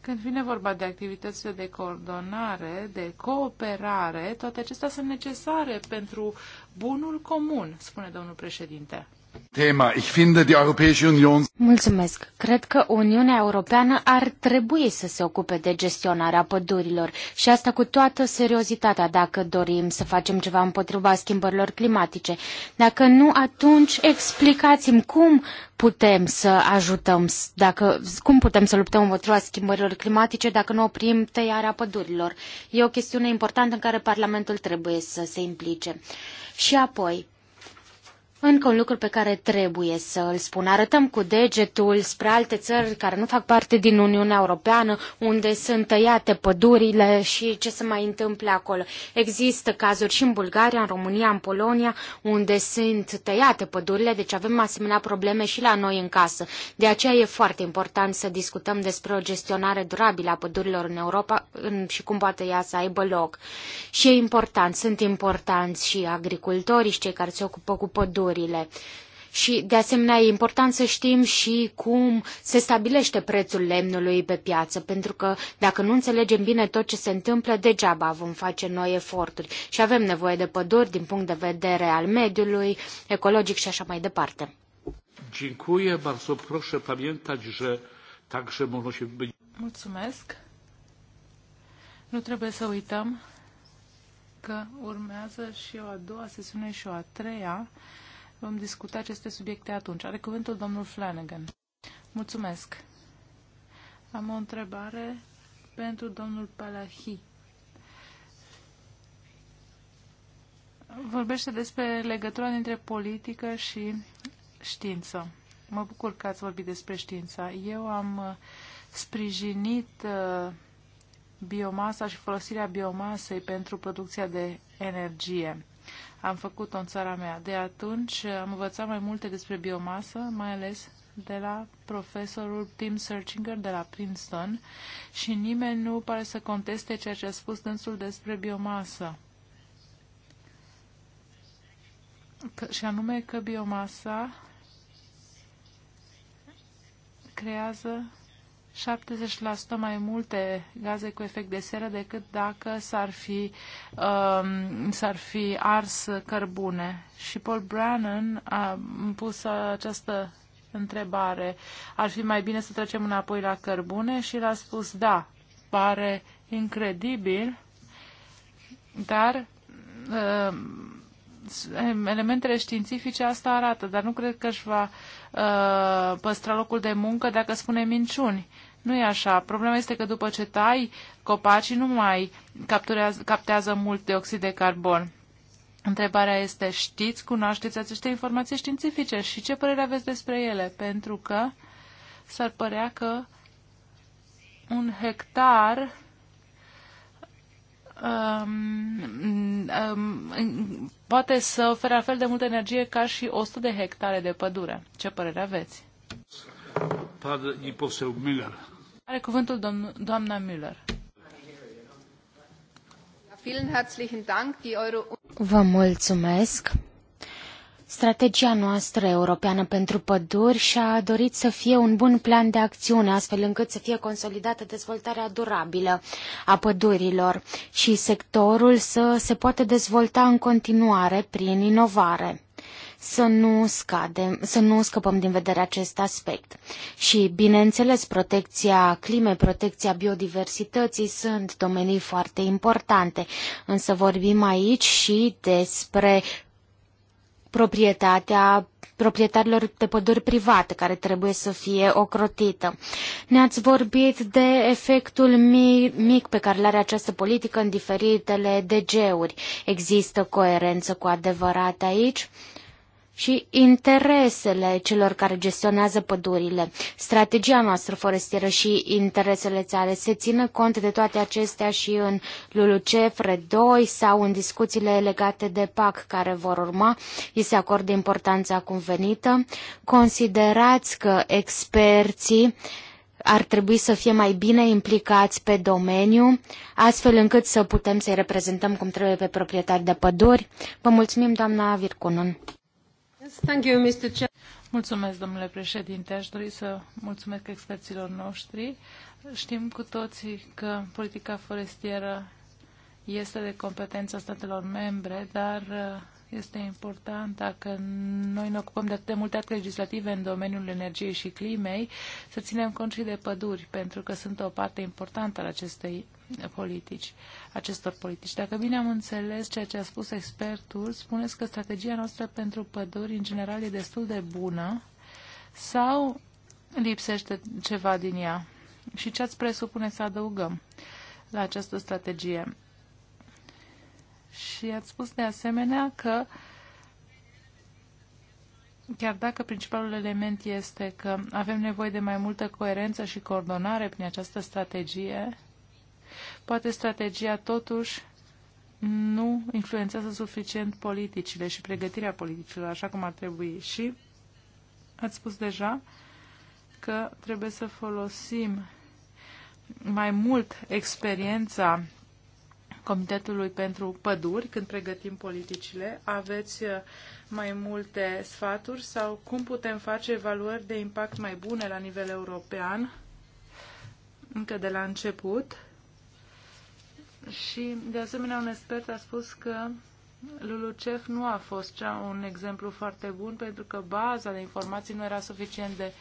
când vine vorba de activitățile de coordonare, de cooperare, toate acestea sunt necesare pentru bunul comun, spune domnul președinte. Tema. Ich finde, die Europäische Union... Mulțumesc. Cred că Uniunea Europeană ar trebui să se ocupe de gestionarea pădurilor și asta cu toată seriozitatea dacă dorim să facem ceva împotriva schimbărilor climatice. Dacă nu, atunci explicați-mi cum putem să ajutăm, dacă, cum putem să luptăm împotriva schimbărilor climatice dacă nu oprim tăiarea pădurilor. E o chestiune importantă în care Parlamentul trebuie să se implice. Și apoi, încă un lucru pe care trebuie să îl spun. Arătăm cu degetul spre alte țări care nu fac parte din Uniunea Europeană, unde sunt tăiate pădurile și ce se mai întâmplă acolo. Există cazuri și în Bulgaria, în România, în Polonia, unde sunt tăiate pădurile, deci avem asemenea probleme și la noi în casă. De aceea e foarte important să discutăm despre o gestionare durabilă a pădurilor în Europa și cum poate ea să aibă loc. Și e important, sunt importanți și agricultorii și cei care se ocupă cu păduri prețurile. Și, de asemenea, e important să știm și cum se stabilește prețul lemnului pe piață, pentru că dacă nu înțelegem bine tot ce se întâmplă, degeaba vom face noi eforturi. Și avem nevoie de păduri din punct de vedere al mediului, ecologic și așa mai departe. Mulțumesc. Nu trebuie să uităm că urmează și o a doua sesiune și o a treia Vom discuta aceste subiecte atunci. Are cuvântul domnul Flanagan. Mulțumesc. Am o întrebare pentru domnul Palahi. Vorbește despre legătura dintre politică și știință. Mă bucur că ați vorbit despre știința. Eu am uh, sprijinit uh, biomasa și folosirea biomasei pentru producția de energie. Am făcut-o în țara mea. De atunci eh, am învățat mai multe despre biomasă, mai ales de la profesorul Tim Searchinger de la Princeton și nimeni nu pare să conteste ceea ce a spus dânsul despre biomasă. C- și anume că biomasa creează 70% mai multe gaze cu efect de seră decât dacă s-ar fi, um, s-ar fi ars cărbune. Și Paul Brannan a pus această întrebare. Ar fi mai bine să trecem înapoi la cărbune? Și l-a spus da. Pare incredibil, dar um, elementele științifice asta arată, dar nu cred că își va uh, păstra locul de muncă dacă spune minciuni. Nu e așa. Problema este că după ce tai copacii nu mai captează mult dioxid de carbon. Întrebarea este, știți, cunoașteți aceste informații științifice și ce părere aveți despre ele? Pentru că s-ar părea că un hectar um, um, poate să ofere la fel de multă energie ca și 100 de hectare de pădure. Ce părere aveți? Miller. Are cuvântul doamna Müller. Vă mulțumesc. Strategia noastră europeană pentru păduri și-a dorit să fie un bun plan de acțiune, astfel încât să fie consolidată dezvoltarea durabilă a pădurilor și sectorul să se poată dezvolta în continuare prin inovare să nu, scadem, să nu scăpăm din vedere acest aspect. Și, bineînțeles, protecția climei, protecția biodiversității sunt domenii foarte importante, însă vorbim aici și despre proprietatea proprietarilor de păduri private care trebuie să fie ocrotită. Ne-ați vorbit de efectul mic pe care îl are această politică în diferitele DG-uri. Există coerență cu adevărat aici? Uh, și interesele celor care gestionează pădurile. Strategia noastră forestieră și interesele țare se țină cont de toate acestea și în LULUCEF, RED2 sau în discuțiile legate de PAC care vor urma. Îi se acordă importanța cuvenită. Considerați că experții ar trebui să fie mai bine implicați pe domeniu, astfel încât să putem să-i reprezentăm cum trebuie pe proprietari de păduri. Vă mulțumim, doamna Virconun. Mulțumesc, domnule președinte. Aș dori să mulțumesc experților noștri. Știm cu toții că politica forestieră este de competența statelor membre, dar uh, este important dacă noi ne ocupăm de atât de multe acte legislative în domeniul energiei și climei, să ținem cont și de păduri, pentru că sunt o parte importantă al acestei politici, acestor politici. Dacă bine am înțeles ceea ce a spus expertul, spuneți că strategia noastră pentru păduri în general e destul de bună sau lipsește ceva din ea? Și ce ați presupune să adăugăm la această strategie? Și ați spus de asemenea că chiar dacă principalul element este că avem nevoie de mai multă coerență și coordonare prin această strategie, Poate strategia totuși nu influențează suficient politicile și pregătirea politicilor așa cum ar trebui. Și ați spus deja că trebuie să folosim mai mult experiența Comitetului pentru Păduri când pregătim politicile. Aveți uh, mai multe sfaturi sau cum putem face evaluări de impact mai bune la nivel european încă de la început? Și, de asemenea, un expert a spus că LULUCEF nu a fost cea, un exemplu foarte bun pentru că baza de informații nu era suficient de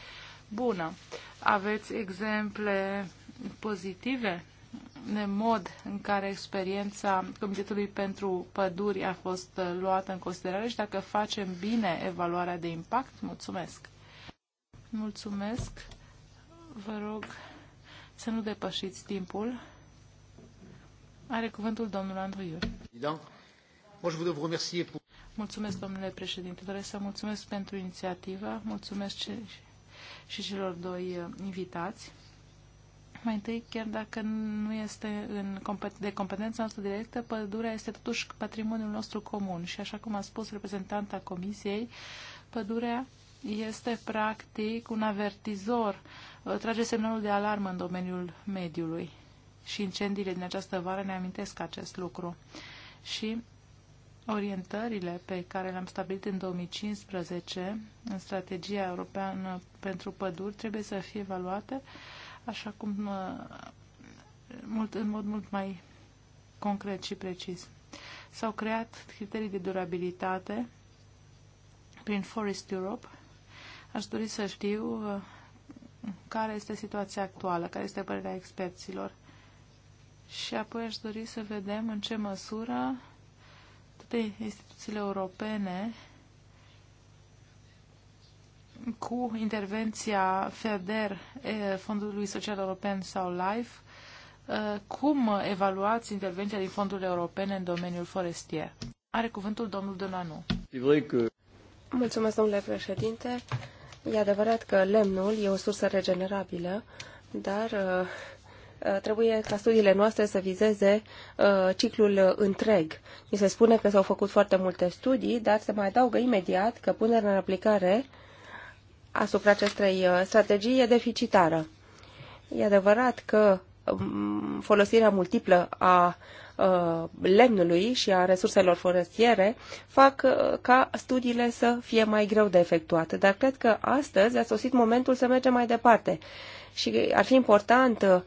bună. Aveți exemple pozitive de mod în care experiența Comitetului pentru Păduri a fost uh, luată în considerare și dacă facem bine evaluarea de impact? Mulțumesc! Mulțumesc! Vă rog să nu depășiți timpul. Are cuvântul domnul Andriu. Mulțumesc, domnule președinte. Doresc să mulțumesc pentru inițiativă. Mulțumesc și celor doi uh, invitați. Mai întâi, chiar dacă nu este în de competența noastră directă, pădurea este totuși patrimoniul nostru comun și, așa cum a spus reprezentanta Comisiei, pădurea este practic un avertizor, uh, trage semnalul de alarmă în domeniul mediului și incendiile din această vară ne amintesc acest lucru. Și orientările pe care le-am stabilit în 2015 în strategia europeană pentru păduri trebuie să fie evaluate așa cum uh, mult, în mod mult mai concret și precis. S-au creat criterii de durabilitate prin Forest Europe. Aș dori să știu uh, care este situația actuală, care este părerea experților și apoi aș dori să vedem în ce măsură toate instituțiile europene cu intervenția FEDER, Fondului Social European sau LIFE, cum evaluați intervenția din fondurile europene în domeniul forestier? Are cuvântul domnul Donanu. Mulțumesc, domnule președinte. E adevărat că lemnul e o sursă regenerabilă, dar Uh, trebuie ca studiile noastre să vizeze uh, ciclul întreg. Mi se spune că s-au făcut foarte multe studii, dar se mai adaugă imediat că punerea în aplicare asupra acestei uh, strategii e deficitară. E adevărat că um, folosirea multiplă a lemnului și a resurselor forestiere fac ca studiile să fie mai greu de efectuat. Dar cred că astăzi a sosit momentul să mergem mai departe și ar fi important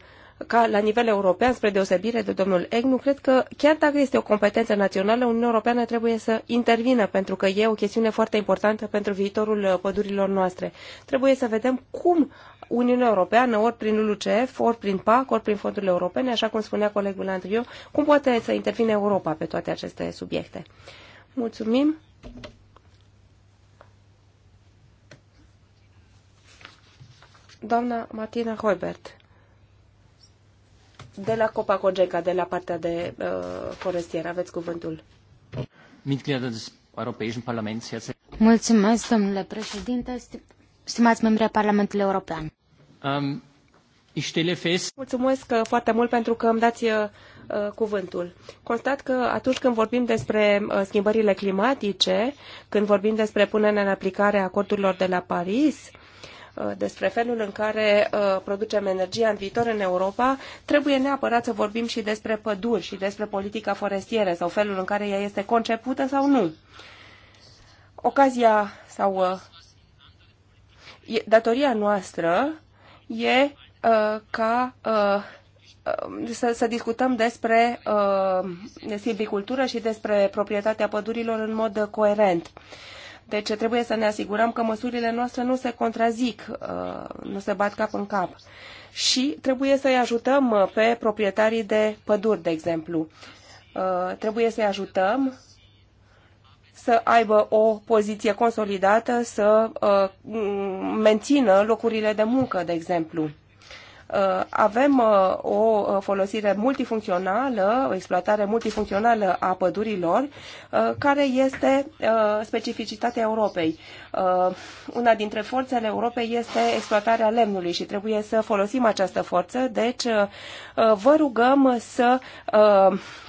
ca la nivel european, spre deosebire de domnul Egnu, cred că chiar dacă este o competență națională, Uniunea Europeană trebuie să intervină, pentru că e o chestiune foarte importantă pentru viitorul uh, pădurilor noastre. Trebuie să vedem cum Uniunea Europeană, ori prin LUCF, ori prin PAC, ori prin fondurile europene, așa cum spunea colegul Andriu, cum poate să intervine Europa pe toate aceste subiecte. Mulțumim! Doamna Martina Hoibert de la Copa Congenca, de la partea de uh, forestier. Aveți cuvântul. Mulțumesc, domnule președinte, stimați membri ai Parlamentului European. Um, Mulțumesc uh, foarte mult pentru că îmi dați uh, uh, cuvântul. Constat că atunci când vorbim despre uh, schimbările climatice, când vorbim despre punerea în aplicare a acordurilor de la Paris, Uh, despre felul în care uh, producem energia în viitor în Europa, trebuie neapărat să vorbim și despre păduri și despre politica forestieră sau felul în care ea este concepută sau nu. Ocazia sau uh, datoria noastră e ca să, să discutăm despre uh, silvicultură și despre proprietatea pădurilor în mod coerent. Uh, deci trebuie să ne asigurăm că măsurile noastre nu se contrazic, uh, nu se bat cap în cap. Și trebuie să-i ajutăm uh, pe proprietarii de păduri, de exemplu. Uh, trebuie să-i ajutăm să aibă o poziție consolidată, să mențină locurile de muncă, de exemplu. Uh, avem uh, o uh, folosire multifuncțională, o exploatare multifuncțională a pădurilor, care este specificitatea Europei. Una dintre forțele Europei este exploatarea lemnului și trebuie să folosim această forță, deci vă rugăm să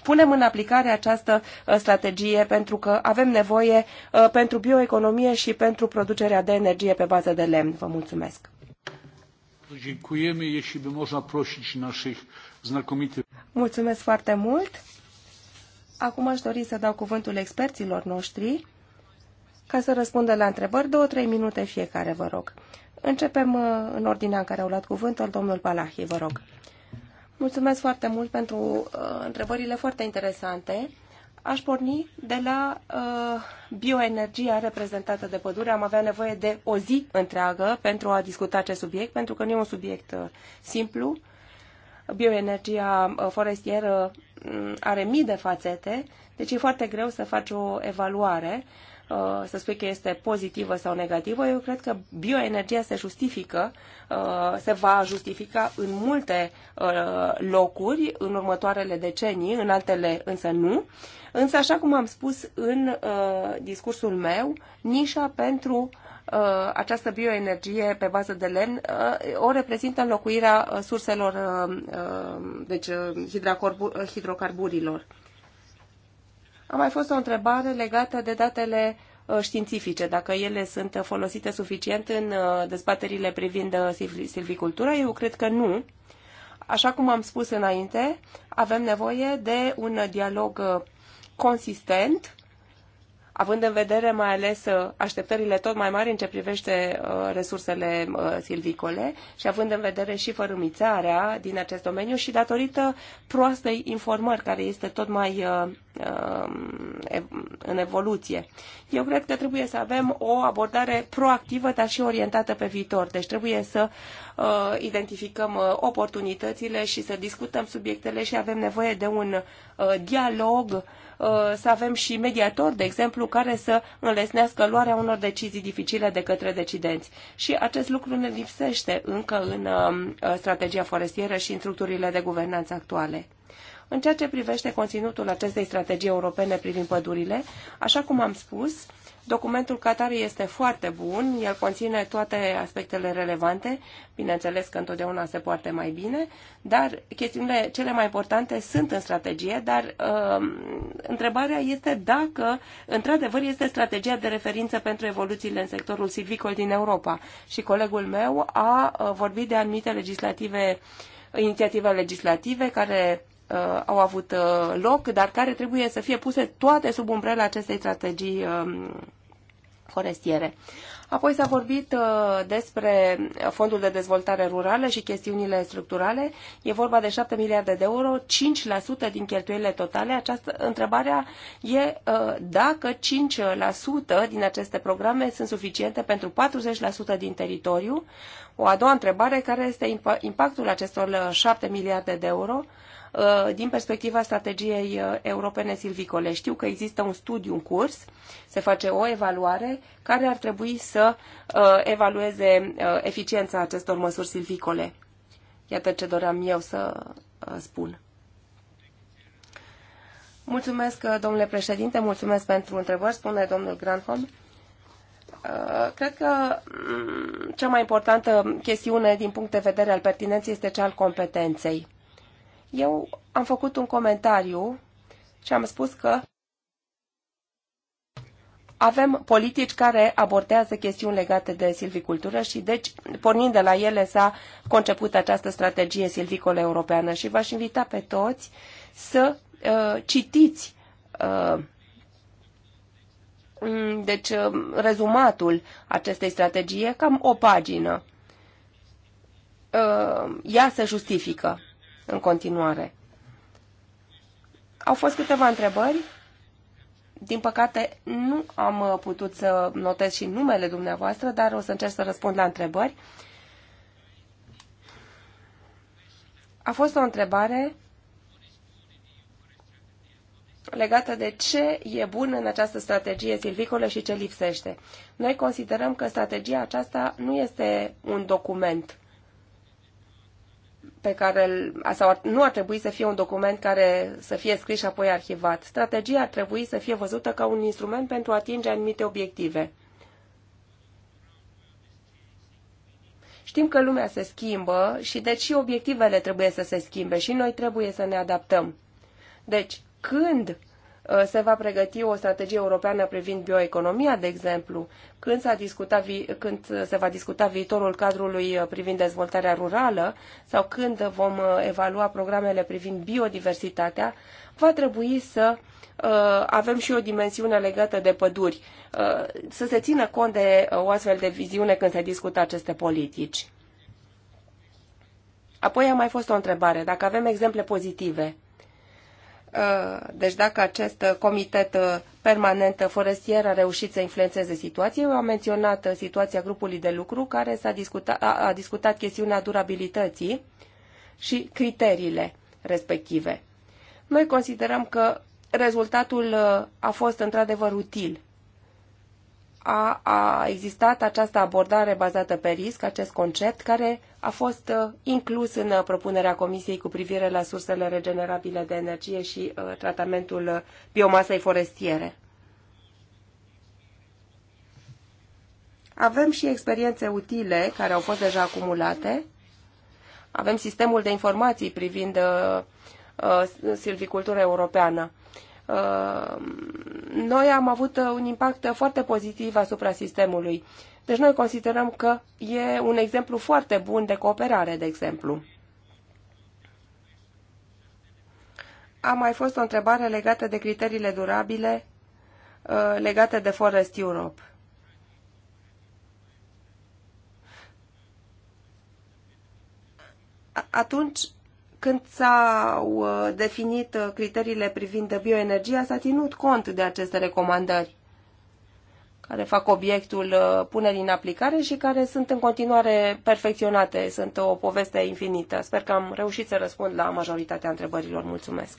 punem în aplicare această strategie pentru că avem nevoie pentru bioeconomie și pentru producerea de energie pe bază de lemn. Vă mulțumesc! Dziękujemy, jeśli by można prosić naszych znakomitych. Mulțumesc foarte mult. Acum aș dori să dau cuvântul experților noștri ca să răspundă la întrebări, două-trei minute fiecare, vă rog. Începem uh, în ordinea în care au luat cuvântul domnul Palahi, vă rog. Mulțumesc foarte mult pentru uh, întrebările foarte interesante aș porni de la uh, bioenergia reprezentată de pădure. Am avea nevoie de o zi întreagă pentru a discuta acest subiect, pentru că nu e un subiect uh, simplu. Bioenergia uh, forestieră mm, are mii de fațete, deci e foarte greu să faci o evaluare uh, Uh, să spui că este pozitivă sau negativă. Eu cred că bioenergia se justifică, uh, se va justifica în multe uh, locuri în următoarele decenii, în altele însă nu. Însă, așa cum am spus în discursul meu, nișa pentru această bioenergie pe bază de lemn o reprezintă înlocuirea surselor deci hidrocarburilor a mai fost o întrebare legată de datele uh, științifice, dacă ele sunt folosite suficient în uh, dezbaterile privind uh, silvicultura. Eu cred că nu. Așa cum am spus înainte, avem nevoie de un dialog consistent având în vedere mai ales uh, așteptările tot mai mari în ce privește uh, resursele uh, silvicole și având în vedere și fărâmițarea din acest domeniu și datorită proastei informări care este tot mai um, în evoluție. Eu cred că trebuie să avem o abordare proactivă, dar și orientată pe viitor. Deci trebuie să uh, identificăm uh, oportunitățile și să discutăm subiectele și avem nevoie de un uh, dialog, uh, să avem și mediatori, de exemplu, care să înlesnească luarea unor decizii dificile de către decidenți. Și acest lucru ne lipsește încă în um, uh, strategia forestieră și în structurile de guvernanță actuale. În ceea ce privește conținutul acestei strategii europene privind pădurile, așa cum am spus, uh, Documentul Qatar este foarte bun, el conține toate aspectele relevante, bineînțeles că întotdeauna se poate mai bine, dar chestiunile cele mai importante sunt în strategie, dar uh, întrebarea este dacă, într-adevăr, este strategia de referință pentru evoluțiile în sectorul silvicol din Europa. Și colegul meu a uh, vorbit de anumite legislative inițiative legislative care Uh, au avut uh, loc, dar care trebuie să fie puse toate sub umbrela acestei strategii um, forestiere. Apoi s-a vorbit uh, despre fondul de dezvoltare rurală și chestiunile structurale. E vorba de 7 miliarde de euro, 5% din cheltuielile totale. Această întrebare e dacă 5% din aceste programe sunt suficiente pentru 40% din teritoriu. O a doua întrebare, care este impactul acestor 7 miliarde de euro Uh, din perspectiva strategiei uh, europene silvicole. Știu că există un studiu în curs, se face o evaluare care ar trebui să uh, evalueze eficiența acestor măsuri silvicole. Iată ce doream eu să spun. Mulțumesc, domnule președinte, mulțumesc pentru întrebări, spune domnul Granholm cred că mm, cea mai importantă chestiune din punct de vedere al pertinenței este cea al competenței. Eu am făcut un comentariu și am spus că avem politici care abordează chestiuni legate de silvicultură și deci, pornind de la ele, s-a conceput această strategie silvicolă europeană și v-aș invita pe toți să uh, citiți uh, mm, deci uh, rezumatul acestei strategie, cam o pagină. Uh, ea se justifică în continuare. Au fost câteva întrebări. Din păcate, nu am uh, putut să notez și numele dumneavoastră, dar o să încerc să răspund la întrebări. A fost o întrebare legată de ce e bun în această strategie silvicolă și ce lipsește. Noi considerăm că strategia aceasta nu este un document pe care sau nu ar trebui să fie un document care să fie scris și apoi arhivat. Strategia ar trebui să fie văzută ca un instrument pentru a atinge anumite obiective. Știm că lumea se schimbă și deci și obiectivele trebuie să se schimbe și noi trebuie să ne adaptăm. Deci, când Uh, se va pregăti o strategie europeană privind bioeconomia, de exemplu, când, s-a discutat când se va discuta viitorul cadrului uh, privind dezvoltarea rurală sau când vom uh, evalua programele privind biodiversitatea, va trebui să avem și o dimensiune legată de păduri, să se țină cont de o astfel de viziune când se discută aceste politici. Apoi a mai fost o întrebare, dacă avem exemple pozitive – Uh, deci dacă acest uh, comitet uh, permanent forestier a reușit să influențeze situația, eu am menționat situația grupului de lucru care s-a discutat, a, a discutat chestiunea durabilității și criteriile respective. Noi considerăm că rezultatul a fost într-adevăr util a, a existat această abordare bazată pe risc, acest concept care a fost uh, inclus în uh, propunerea Comisiei cu privire la sursele regenerabile de energie și uh, tratamentul uh, biomasei forestiere. Avem și experiențe utile care au fost deja acumulate. Avem sistemul de informații privind uh, silvicultura europeană. Uh, noi am avut uh, un impact foarte pozitiv asupra sistemului. Deci noi considerăm că e un exemplu foarte bun de cooperare, de exemplu. A mai fost o întrebare legată de criteriile durabile uh, legate de Forest Europe. Atunci când s-au uh, definit uh, criteriile privind bioenergia, s-a ținut cont de aceste recomandări care fac obiectul uh, punerii în aplicare și care sunt în continuare perfecționate. Sunt o poveste infinită. Sper că am reușit să răspund la majoritatea întrebărilor. Mulțumesc!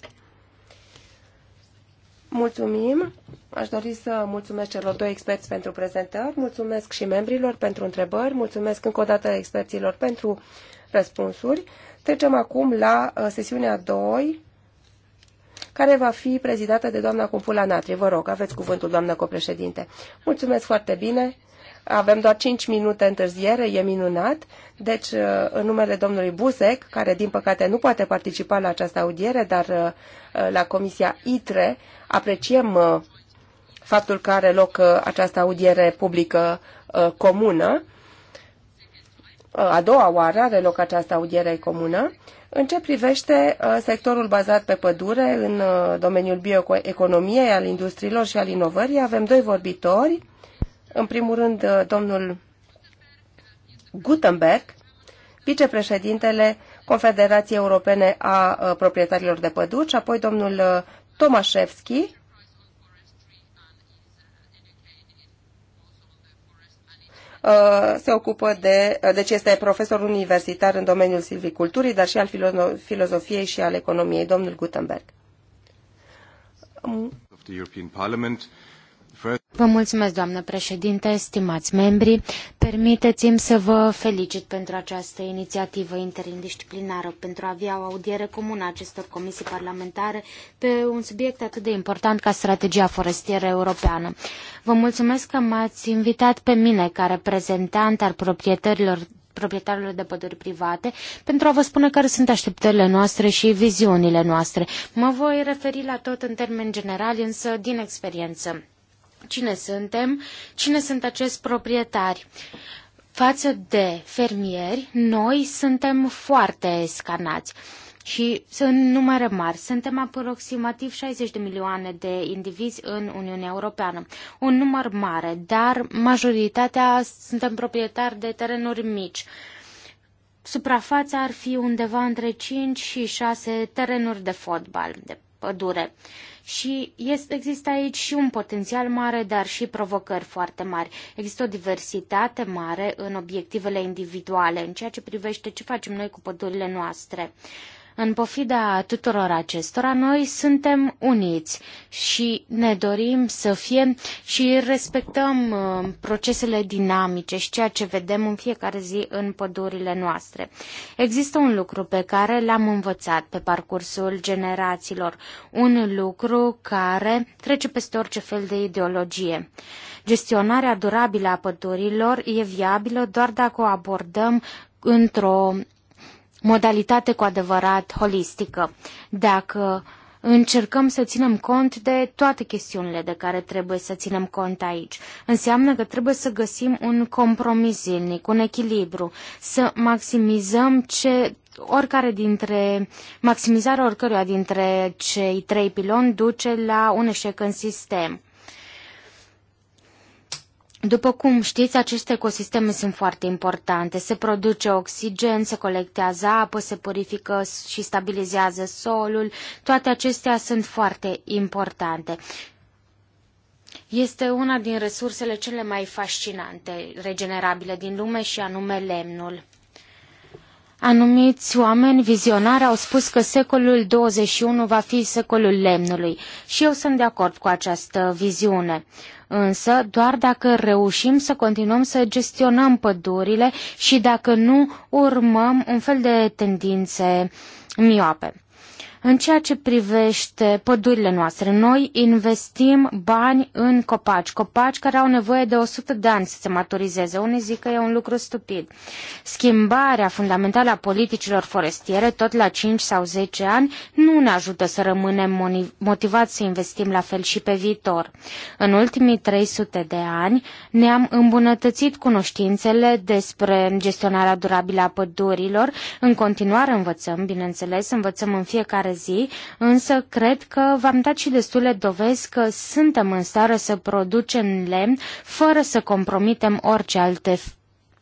Mulțumim! Aș dori să mulțumesc celor doi experți pentru prezentări, mulțumesc și membrilor pentru întrebări, mulțumesc încă o dată experților pentru răspunsuri. Trecem acum la uh, sesiunea 2, care va fi prezidată de doamna Cumpula Natri. Vă rog, aveți cuvântul, doamnă copreședinte. Mulțumesc foarte bine. Avem doar 5 minute întârziere, e minunat. Deci, uh, în numele domnului Buzek, care din păcate nu poate participa la această audiere, dar uh, la Comisia ITRE, apreciem faptul că are loc această audiere publică comună a doua oară are loc această audiere comună în ce privește uh, sectorul bazat pe pădure în uh, domeniul bioeconomiei, al industriilor și al inovării. Avem doi vorbitori. În primul rând, uh, domnul Gutenberg, vicepreședintele Confederației Europene a Proprietarilor de Păduri, și apoi domnul Tomaszewski. Uh, se ocupă de, uh, deci este profesor universitar în domeniul silviculturii, dar și al filo filozofiei și al economiei, domnul Gutenberg. Vă mulțumesc, doamnă președinte, stimați membri. Permiteți-mi să vă felicit pentru această inițiativă interindisciplinară, pentru a avea o audiere comună a acestor comisii parlamentare pe un subiect atât de important ca strategia forestieră europeană. Vă mulțumesc că m-ați invitat pe mine ca reprezentant al proprietărilor proprietarilor de păduri private pentru a vă spune care sunt așteptările noastre și viziunile noastre. Mă voi referi la tot în termeni generali, însă din experiență cine suntem, cine sunt acești proprietari. Față de fermieri, noi suntem foarte scanați și în numere mari. Suntem aproximativ 60 de milioane de indivizi în Uniunea Europeană. Un număr mare, dar majoritatea suntem proprietari de terenuri mici. Suprafața ar fi undeva între 5 și 6 terenuri de fotbal, de pădure. Uh, și este, există aici și un potențial mare, dar și provocări foarte mari. Există o diversitate mare în obiectivele individuale, în ceea ce privește ce facem noi cu pădurile noastre. În pofida tuturor acestora, noi suntem uniți și ne dorim să fie și respectăm uh, procesele dinamice și ceea ce vedem în fiecare zi în pădurile noastre. Există un lucru pe care l-am învățat pe parcursul generațiilor, un lucru care trece peste orice fel de ideologie. Gestionarea durabilă a pădurilor e viabilă doar dacă o abordăm într-o modalitate cu adevărat holistică. Dacă încercăm să ținem cont de toate chestiunile de care trebuie să ținem cont aici. Înseamnă că trebuie să găsim un compromis zilnic, un echilibru, să maximizăm ce oricare dintre, maximizarea oricăruia dintre cei trei piloni duce la un eșec în sistem. După cum știți, aceste ecosisteme sunt foarte importante. Se produce oxigen, se colectează apă, se purifică și stabilizează solul. Toate acestea sunt foarte importante. Este una din resursele cele mai fascinante regenerabile din lume și anume lemnul. Anumiți oameni vizionari au spus că secolul 21 va fi secolul lemnului și eu sunt de acord cu această viziune. Însă, doar dacă reușim să continuăm să gestionăm pădurile și dacă nu urmăm un fel de tendințe mioape. În ceea ce privește pădurile noastre, noi investim bani în copaci, copaci care au nevoie de 100 de ani să se maturizeze. Unii zic că e un lucru stupid. Schimbarea fundamentală a politicilor forestiere, tot la 5 sau 10 ani, nu ne ajută să rămânem motivați să investim la fel și pe viitor. În ultimii 300 de ani ne-am îmbunătățit cunoștințele despre gestionarea durabilă a pădurilor. În continuare învățăm, bineînțeles, învățăm în fiecare fiecare zi, însă cred că v-am dat și destule dovezi că suntem în stare să producem lemn fără să compromitem orice alte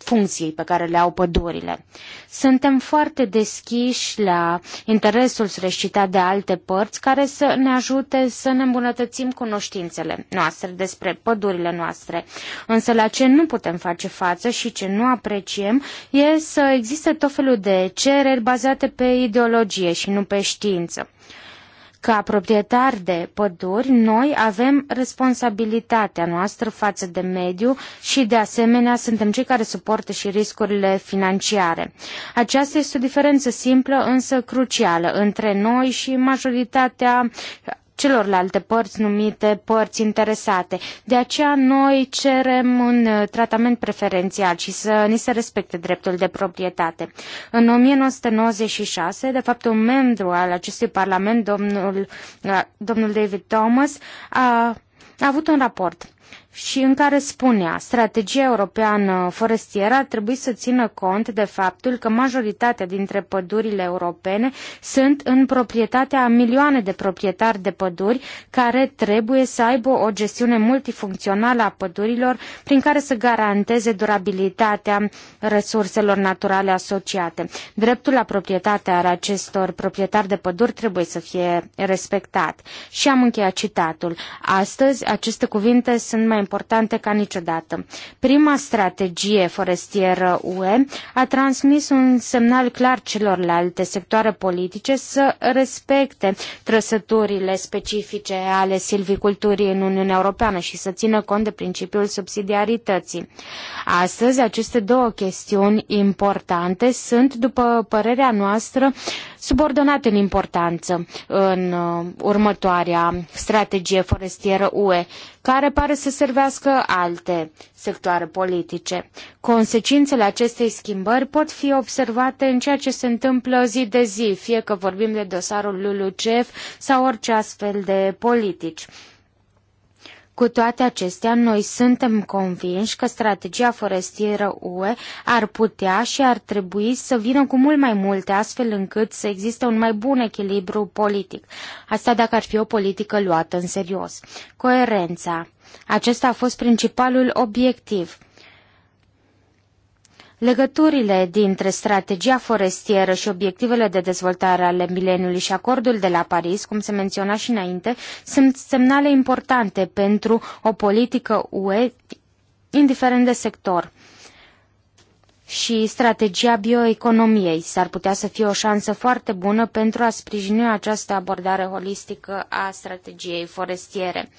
funcției pe care le au pădurile. Suntem foarte deschiși la interesul suscitat de alte părți care să ne ajute să ne îmbunătățim cunoștințele noastre despre pădurile noastre. Însă la ce nu putem face față și ce nu apreciem e să existe tot felul de cereri bazate pe ideologie și nu pe știință. Ca proprietari de păduri, noi avem responsabilitatea noastră față de mediu și, de asemenea, suntem cei care suportă și riscurile financiare. Aceasta este o diferență simplă, însă crucială, între noi și majoritatea celorlalte părți numite părți interesate. De aceea noi cerem un uh, tratament preferențial și să ni se respecte dreptul de proprietate. În 1996, de fapt un membru al acestui parlament, domnul, uh, domnul David Thomas, a, a avut un raport și în care spunea strategia europeană forestieră ar trebui să țină cont de faptul că majoritatea dintre pădurile europene sunt în proprietatea a milioane de proprietari de păduri care trebuie să aibă o gestiune multifuncțională a pădurilor prin care să garanteze durabilitatea resurselor naturale asociate. Dreptul la proprietate al acestor proprietari de păduri trebuie să fie respectat. Și am încheiat citatul. Astăzi aceste cuvinte sunt mai importante ca niciodată. Prima strategie forestieră UE a transmis un semnal clar celorlalte sectoare politice să respecte trăsăturile specifice ale silviculturii în Uniunea Europeană și să țină cont de principiul subsidiarității. Astăzi, aceste două chestiuni importante sunt, după părerea noastră, subordonat în importanță în uh, următoarea strategie forestieră UE, care pare să servească alte sectoare politice. Consecințele acestei schimbări pot fi observate în ceea ce se întâmplă zi de zi, fie că vorbim de dosarul LULUCF sau orice astfel de politici cu toate acestea, noi suntem convinși că strategia forestieră UE ar putea și ar trebui să vină cu mult mai multe, astfel încât să existe un mai bun echilibru politic. Asta dacă ar fi o politică luată în serios. Coerența. Acesta a fost principalul obiectiv Legăturile dintre strategia forestieră și obiectivele de dezvoltare ale mileniului și acordul de la Paris, cum se menționa și înainte, sunt semnale importante pentru o politică UE indiferent de sector și strategia bioeconomiei s-ar putea să fie o șansă foarte bună pentru a sprijini această abordare holistică a strategiei forestiere.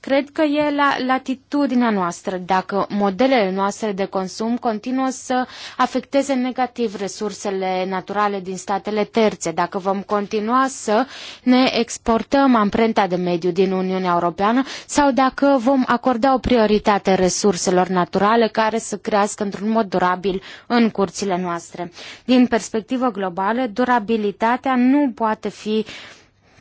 Cred că e la latitudinea noastră dacă modelele noastre de consum continuă să afecteze negativ resursele naturale din statele terțe, dacă vom continua să ne exportăm amprenta de mediu din Uniunea Europeană sau dacă vom acorda o prioritate resurselor naturale care să crească într-un mod durabil în curțile noastre. Din perspectivă globală, durabilitatea nu poate fi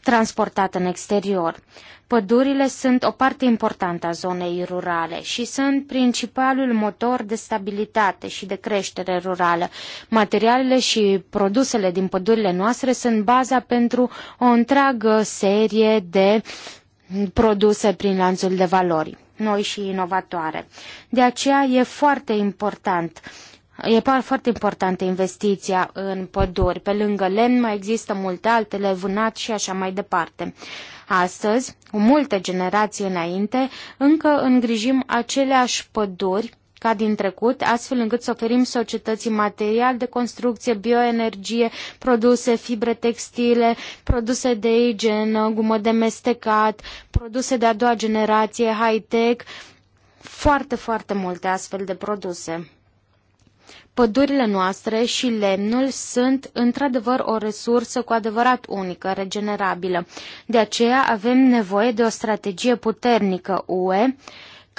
transportată în exterior. Pădurile sunt o parte importantă a zonei rurale și sunt principalul motor de stabilitate și de creștere rurală. Materialele și produsele din pădurile noastre sunt baza pentru o întreagă serie de produse prin lanțul de valori noi și inovatoare. De aceea e foarte important E par foarte importantă investiția în păduri. Pe lângă lemn mai există multe altele, vânat și așa mai departe. Astăzi, cu multe generații înainte, încă îngrijim aceleași păduri ca din trecut, astfel încât să oferim societății material de construcție, bioenergie, produse, fibre textile, produse de igienă, gumă de mestecat, produse de a doua generație, high-tech, foarte, foarte multe astfel de produse. Pădurile noastre și lemnul sunt într-adevăr o resursă cu adevărat unică, regenerabilă. De aceea avem nevoie de o strategie puternică UE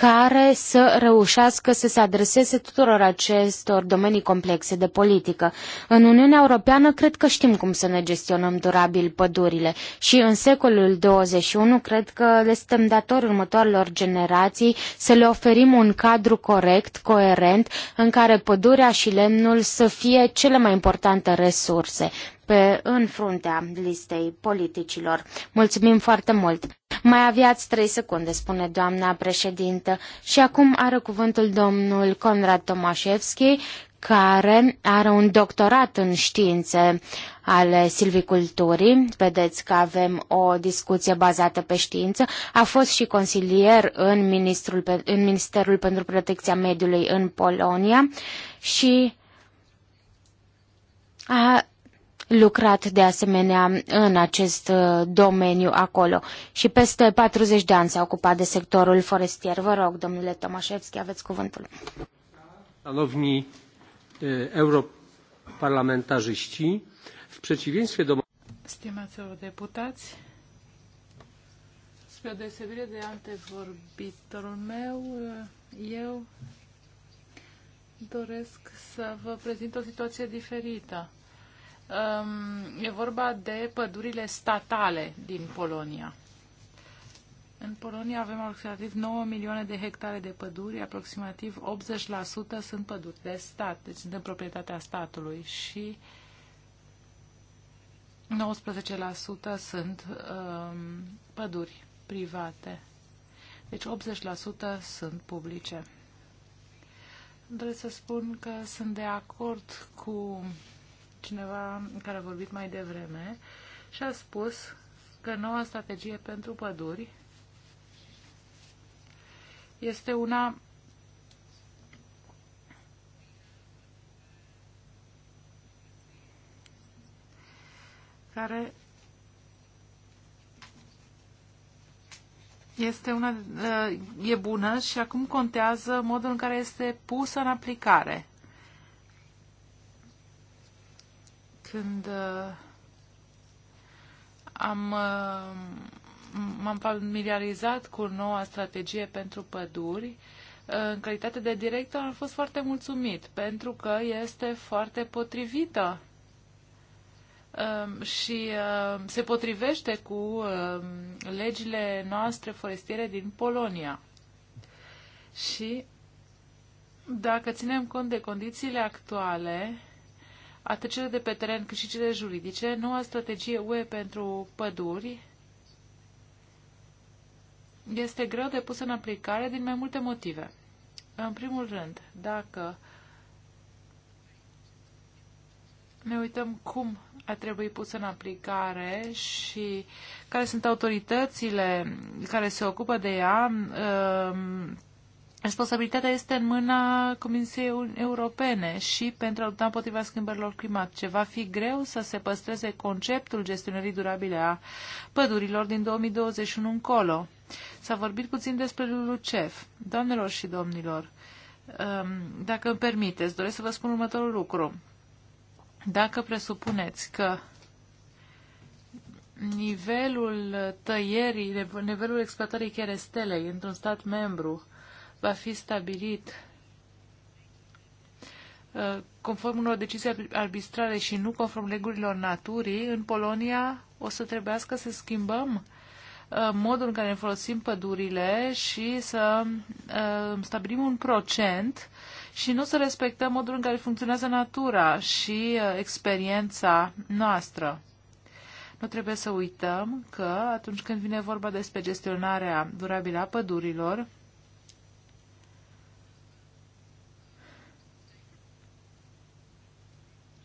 care să reușească să se adreseze tuturor acestor domenii complexe de politică. În Uniunea Europeană cred că știm cum să ne gestionăm durabil pădurile și în secolul 21 cred că le suntem datori următoarelor generații să le oferim un cadru corect, coerent, în care pădurea și lemnul să fie cele mai importante resurse pe, în fruntea listei politicilor. Mulțumim foarte mult! Mai aveați trei secunde, spune doamna președintă. Și acum are cuvântul domnul Conrad Tomașevski, care are un doctorat în științe ale silviculturii. Vedeți că avem o discuție bazată pe știință. A fost și consilier în, ministrul, în Ministerul pentru Protecția Mediului în Polonia și a lucrat de asemenea în acest uh, domeniu acolo și peste 40 de ani s-a ocupat de sectorul forestier. Vă rog, domnule Tomașevski, aveți cuvântul. Salovni europarlamentariști, în przeciwieństwie do... Stimați deputați, spre deosebire de antevorbitorul meu, eu doresc să vă prezint o situație diferită. Um, e vorba de pădurile statale din Polonia. În Polonia avem aproximativ 9 milioane de hectare de păduri, aproximativ 80% sunt păduri de stat, deci sunt în proprietatea statului și 19% sunt um, păduri private. Deci 80% sunt publice. Doresc să spun că sunt de acord cu cineva care a vorbit mai devreme și a spus că noua strategie pentru păduri este una care este una, uh, e bună și acum contează modul în care este pusă în aplicare. Când uh, am, uh, m-am familiarizat cu noua strategie pentru păduri, uh, în calitate de director am fost foarte mulțumit pentru că este foarte potrivită um, și se potrivește cu um, legile noastre forestiere din Polonia. Și dacă ținem cont de condițiile actuale, atât cele de pe teren cât și cele juridice, noua strategie UE pentru păduri este greu de pus în aplicare din mai multe motive. În primul rând, dacă ne uităm cum a trebuit pus în aplicare și care sunt autoritățile care se ocupă de ea, um, Responsabilitatea este în mâna Comisiei Europene și pentru a lupta împotriva schimbărilor climatice. Va fi greu să se păstreze conceptul gestionării durabile a pădurilor din 2021 încolo. S-a vorbit puțin despre Lucef. Doamnelor și domnilor, um, dacă îmi permiteți, doresc să vă spun următorul lucru. Dacă presupuneți că nivelul tăierii, nivelul exploatării chiar stelei într-un stat membru va fi stabilit uh, conform unor decizii arbitrare și nu conform legurilor naturii, în Polonia o să trebuiască să schimbăm uh, modul în care ne folosim pădurile și să uh, stabilim un procent și nu să respectăm modul în care funcționează natura și experiența noastră. Nu trebuie să uităm că atunci când vine vorba despre gestionarea durabilă a pădurilor,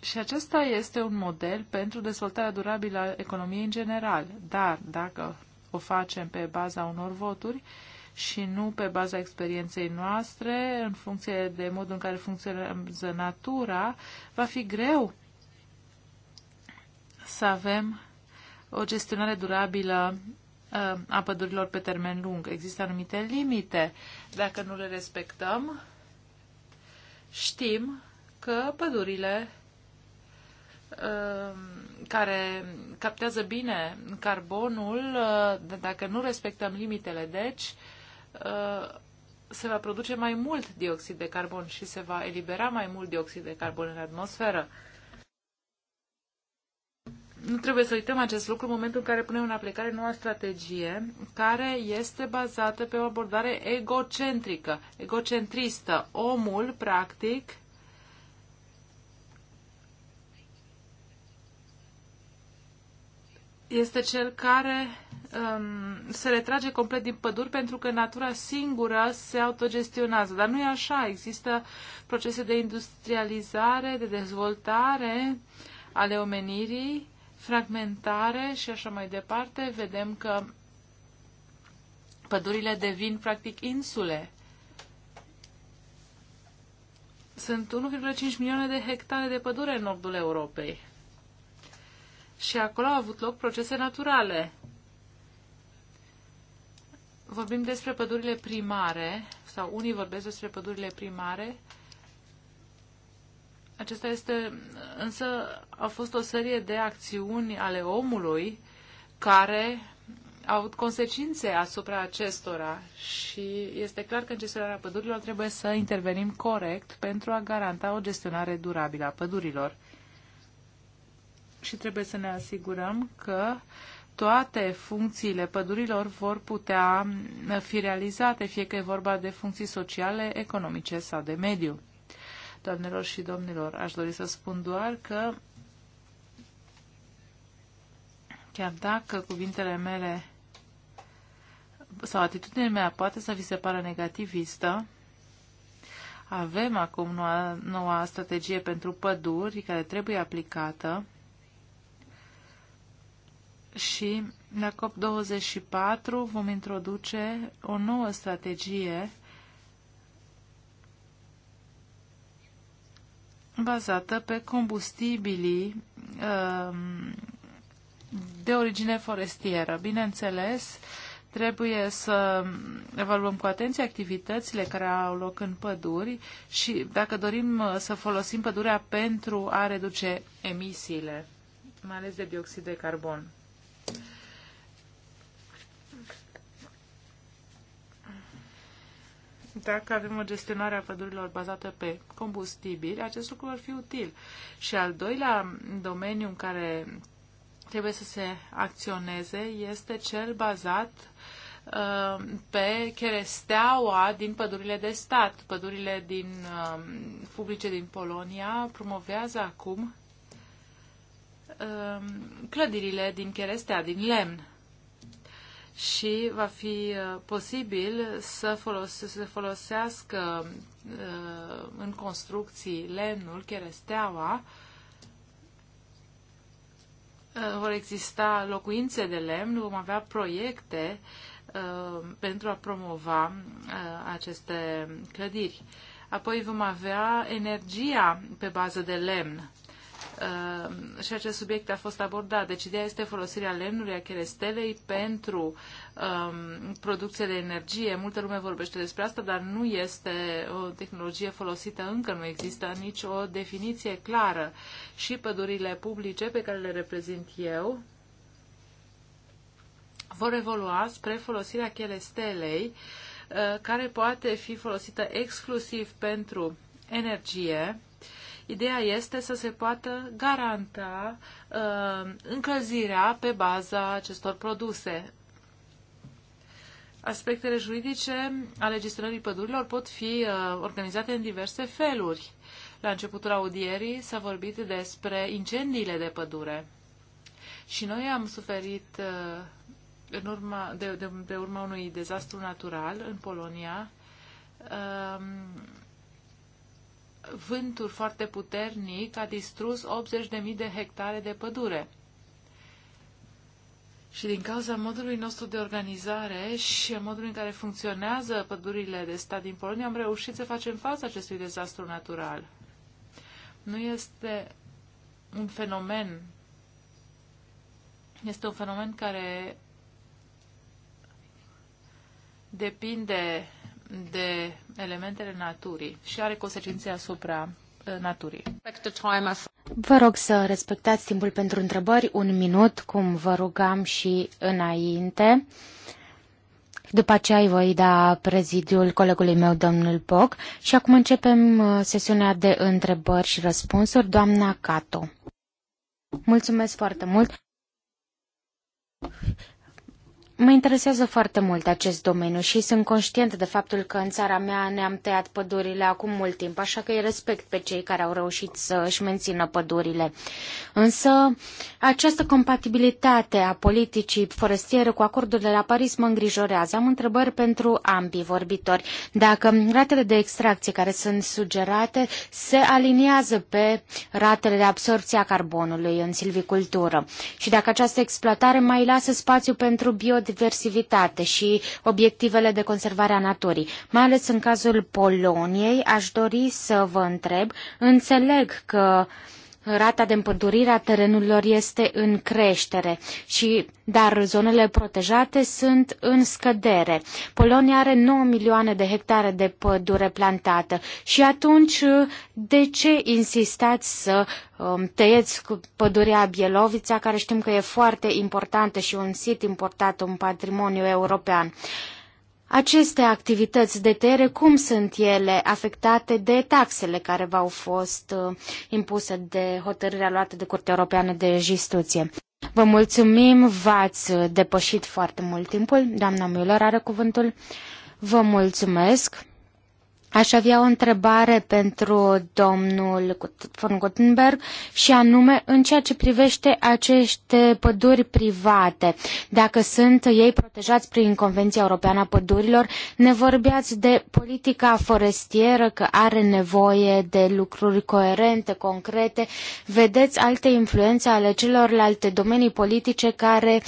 Și acesta este un model pentru dezvoltarea durabilă a economiei în general. Dar dacă o facem pe baza unor voturi și nu pe baza experienței noastre, în funcție de modul în care funcționează natura, va fi greu să avem o gestionare durabilă uh, a pădurilor pe termen lung. Există anumite limite. Dacă nu le respectăm, știm că pădurile Um, care captează bine carbonul, uh, dacă nu respectăm limitele, deci uh, se va produce mai mult dioxid de carbon și se va elibera mai mult dioxid de carbon în atmosferă. Nu trebuie să uităm acest lucru în momentul în care punem în aplicare noua strategie, care este bazată pe o abordare egocentrică, egocentristă. Omul, practic, este cel care um, se retrage complet din păduri pentru că natura singură se autogestionează. Dar nu e așa. Există procese de industrializare, de dezvoltare ale omenirii, fragmentare și așa mai departe. Vedem că pădurile devin practic insule. Sunt 1,5 milioane de hectare de pădure în nordul Europei și acolo au avut loc procese naturale. Vorbim despre pădurile primare, sau unii vorbesc despre pădurile primare. Acesta este, însă, a fost o serie de acțiuni ale omului care au avut consecințe asupra acestora și este clar că în gestionarea pădurilor trebuie să intervenim corect pentru a garanta o gestionare durabilă a pădurilor și trebuie să ne asigurăm că toate funcțiile pădurilor vor putea fi realizate, fie că e vorba de funcții sociale, economice sau de mediu. Doamnelor și domnilor, aș dori să spun doar că chiar dacă cuvintele mele sau atitudinea mea poate să vi se pară negativistă, avem acum noua, noua strategie pentru păduri care trebuie aplicată și la COP24 vom introduce o nouă strategie bazată pe combustibilii um, de origine forestieră. Bineînțeles, trebuie să evaluăm cu atenție activitățile care au loc în păduri și dacă dorim uh, să folosim pădurea pentru a reduce emisiile, mai ales de dioxid de carbon. dacă avem o gestionare a pădurilor bazată pe combustibili, acest lucru ar fi util. Și al doilea domeniu în care trebuie să se acționeze este cel bazat uh, pe cheresteaua din pădurile de stat. Pădurile din, uh, publice din Polonia promovează acum uh, clădirile din cherestea, din lemn și va fi uh, posibil să, folos- să se folosească uh, în construcții lemnul, cheresteaua, uh, vor exista locuințe de lemn, vom avea proiecte pentru a promova aceste clădiri. Apoi vom avea energia pe bază de lemn Uh, și acest subiect a fost abordat. Deci ideea este folosirea lemnului, a cherestelei pentru um, producție de energie. Multă lume vorbește despre asta, dar nu este o tehnologie folosită încă. Nu există nici o definiție clară. Și pădurile publice pe care le reprezint eu vor evolua spre folosirea cherestelei uh, care poate fi folosită exclusiv pentru energie, Ideea este să se poată garanta uh, încălzirea pe baza acestor produse. Aspectele juridice ale gestionării pădurilor pot fi uh, organizate în diverse feluri. La începutul audierii s-a vorbit despre incendiile de pădure. Și noi am suferit uh, în urma, de, de, de urma unui dezastru natural în Polonia. Uh, vânturi foarte puternic a distrus 80.000 de hectare de pădure. Și din cauza modului nostru de organizare și modului în care funcționează pădurile de stat din Polonia, am reușit să facem față acestui dezastru natural. Nu este un fenomen. Este un fenomen care depinde de elementele naturii și are consecințe asupra uh, naturii. Vă rog să respectați timpul pentru întrebări, un minut, cum vă rugam și înainte. După aceea îi voi da prezidiul colegului meu, domnul Boc. Și acum începem uh, sesiunea de întrebări și răspunsuri. Doamna Cato. Mulțumesc foarte mult. Mă interesează foarte mult acest domeniu și sunt conștient de faptul că în țara mea ne-am tăiat pădurile acum mult timp, așa că îi respect pe cei care au reușit să își mențină pădurile. Însă această compatibilitate a politicii forestiere cu acordurile la Paris mă îngrijorează. Am întrebări pentru ambii vorbitori. Dacă ratele de extracție care sunt sugerate se aliniază pe ratele de absorpție a carbonului în silvicultură și dacă această exploatare mai lasă spațiu pentru biodiversitate, biodiversitate și obiectivele de conservare a naturii. Mai ales în cazul Poloniei, aș dori să vă întreb, înțeleg că rata de împădurire a terenurilor este în creștere, și, dar zonele protejate sunt în scădere. Polonia are 9 milioane de hectare de pădure plantată și atunci de ce insistați să um, tăieți pădurea Bielovița, care știm că e foarte importantă și un sit importat, un patrimoniu european? Aceste activități de tere, cum sunt ele afectate de taxele care v-au fost uh, impuse de hotărârea luată de Curtea Europeană de Justiție? Vă mulțumim, v-ați depășit foarte mult timpul. Doamna Müller are cuvântul. Vă mulțumesc. Aș avea o întrebare pentru domnul von Gutenberg și anume în ceea ce privește aceste păduri private. Dacă sunt ei protejați prin Convenția Europeană a Pădurilor, ne vorbeați de politica forestieră că are nevoie de lucruri coerente, concrete. Vedeți alte influențe ale celorlalte domenii politice care,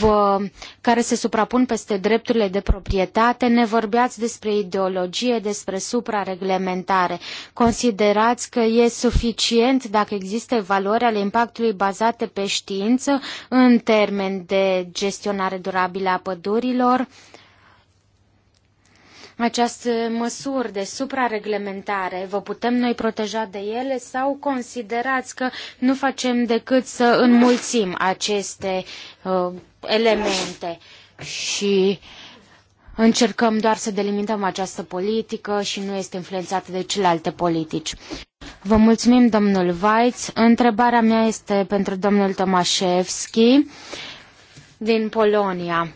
vă, care se suprapun peste drepturile de proprietate. Ne vorbeați despre ideologie, despre suprareglementare. Considerați că e suficient dacă există valori ale impactului bazate pe știință în termen de gestionare durabilă a pădurilor? Aceste măsuri de suprareglementare, vă putem noi proteja de ele sau considerați că nu facem decât să înmulțim aceste uh, elemente? Și uh, Încercăm doar să delimităm această politică și nu este influențată de celelalte politici. Vă mulțumim, domnul Weitz. Întrebarea mea este pentru domnul Tomaszewski din Polonia.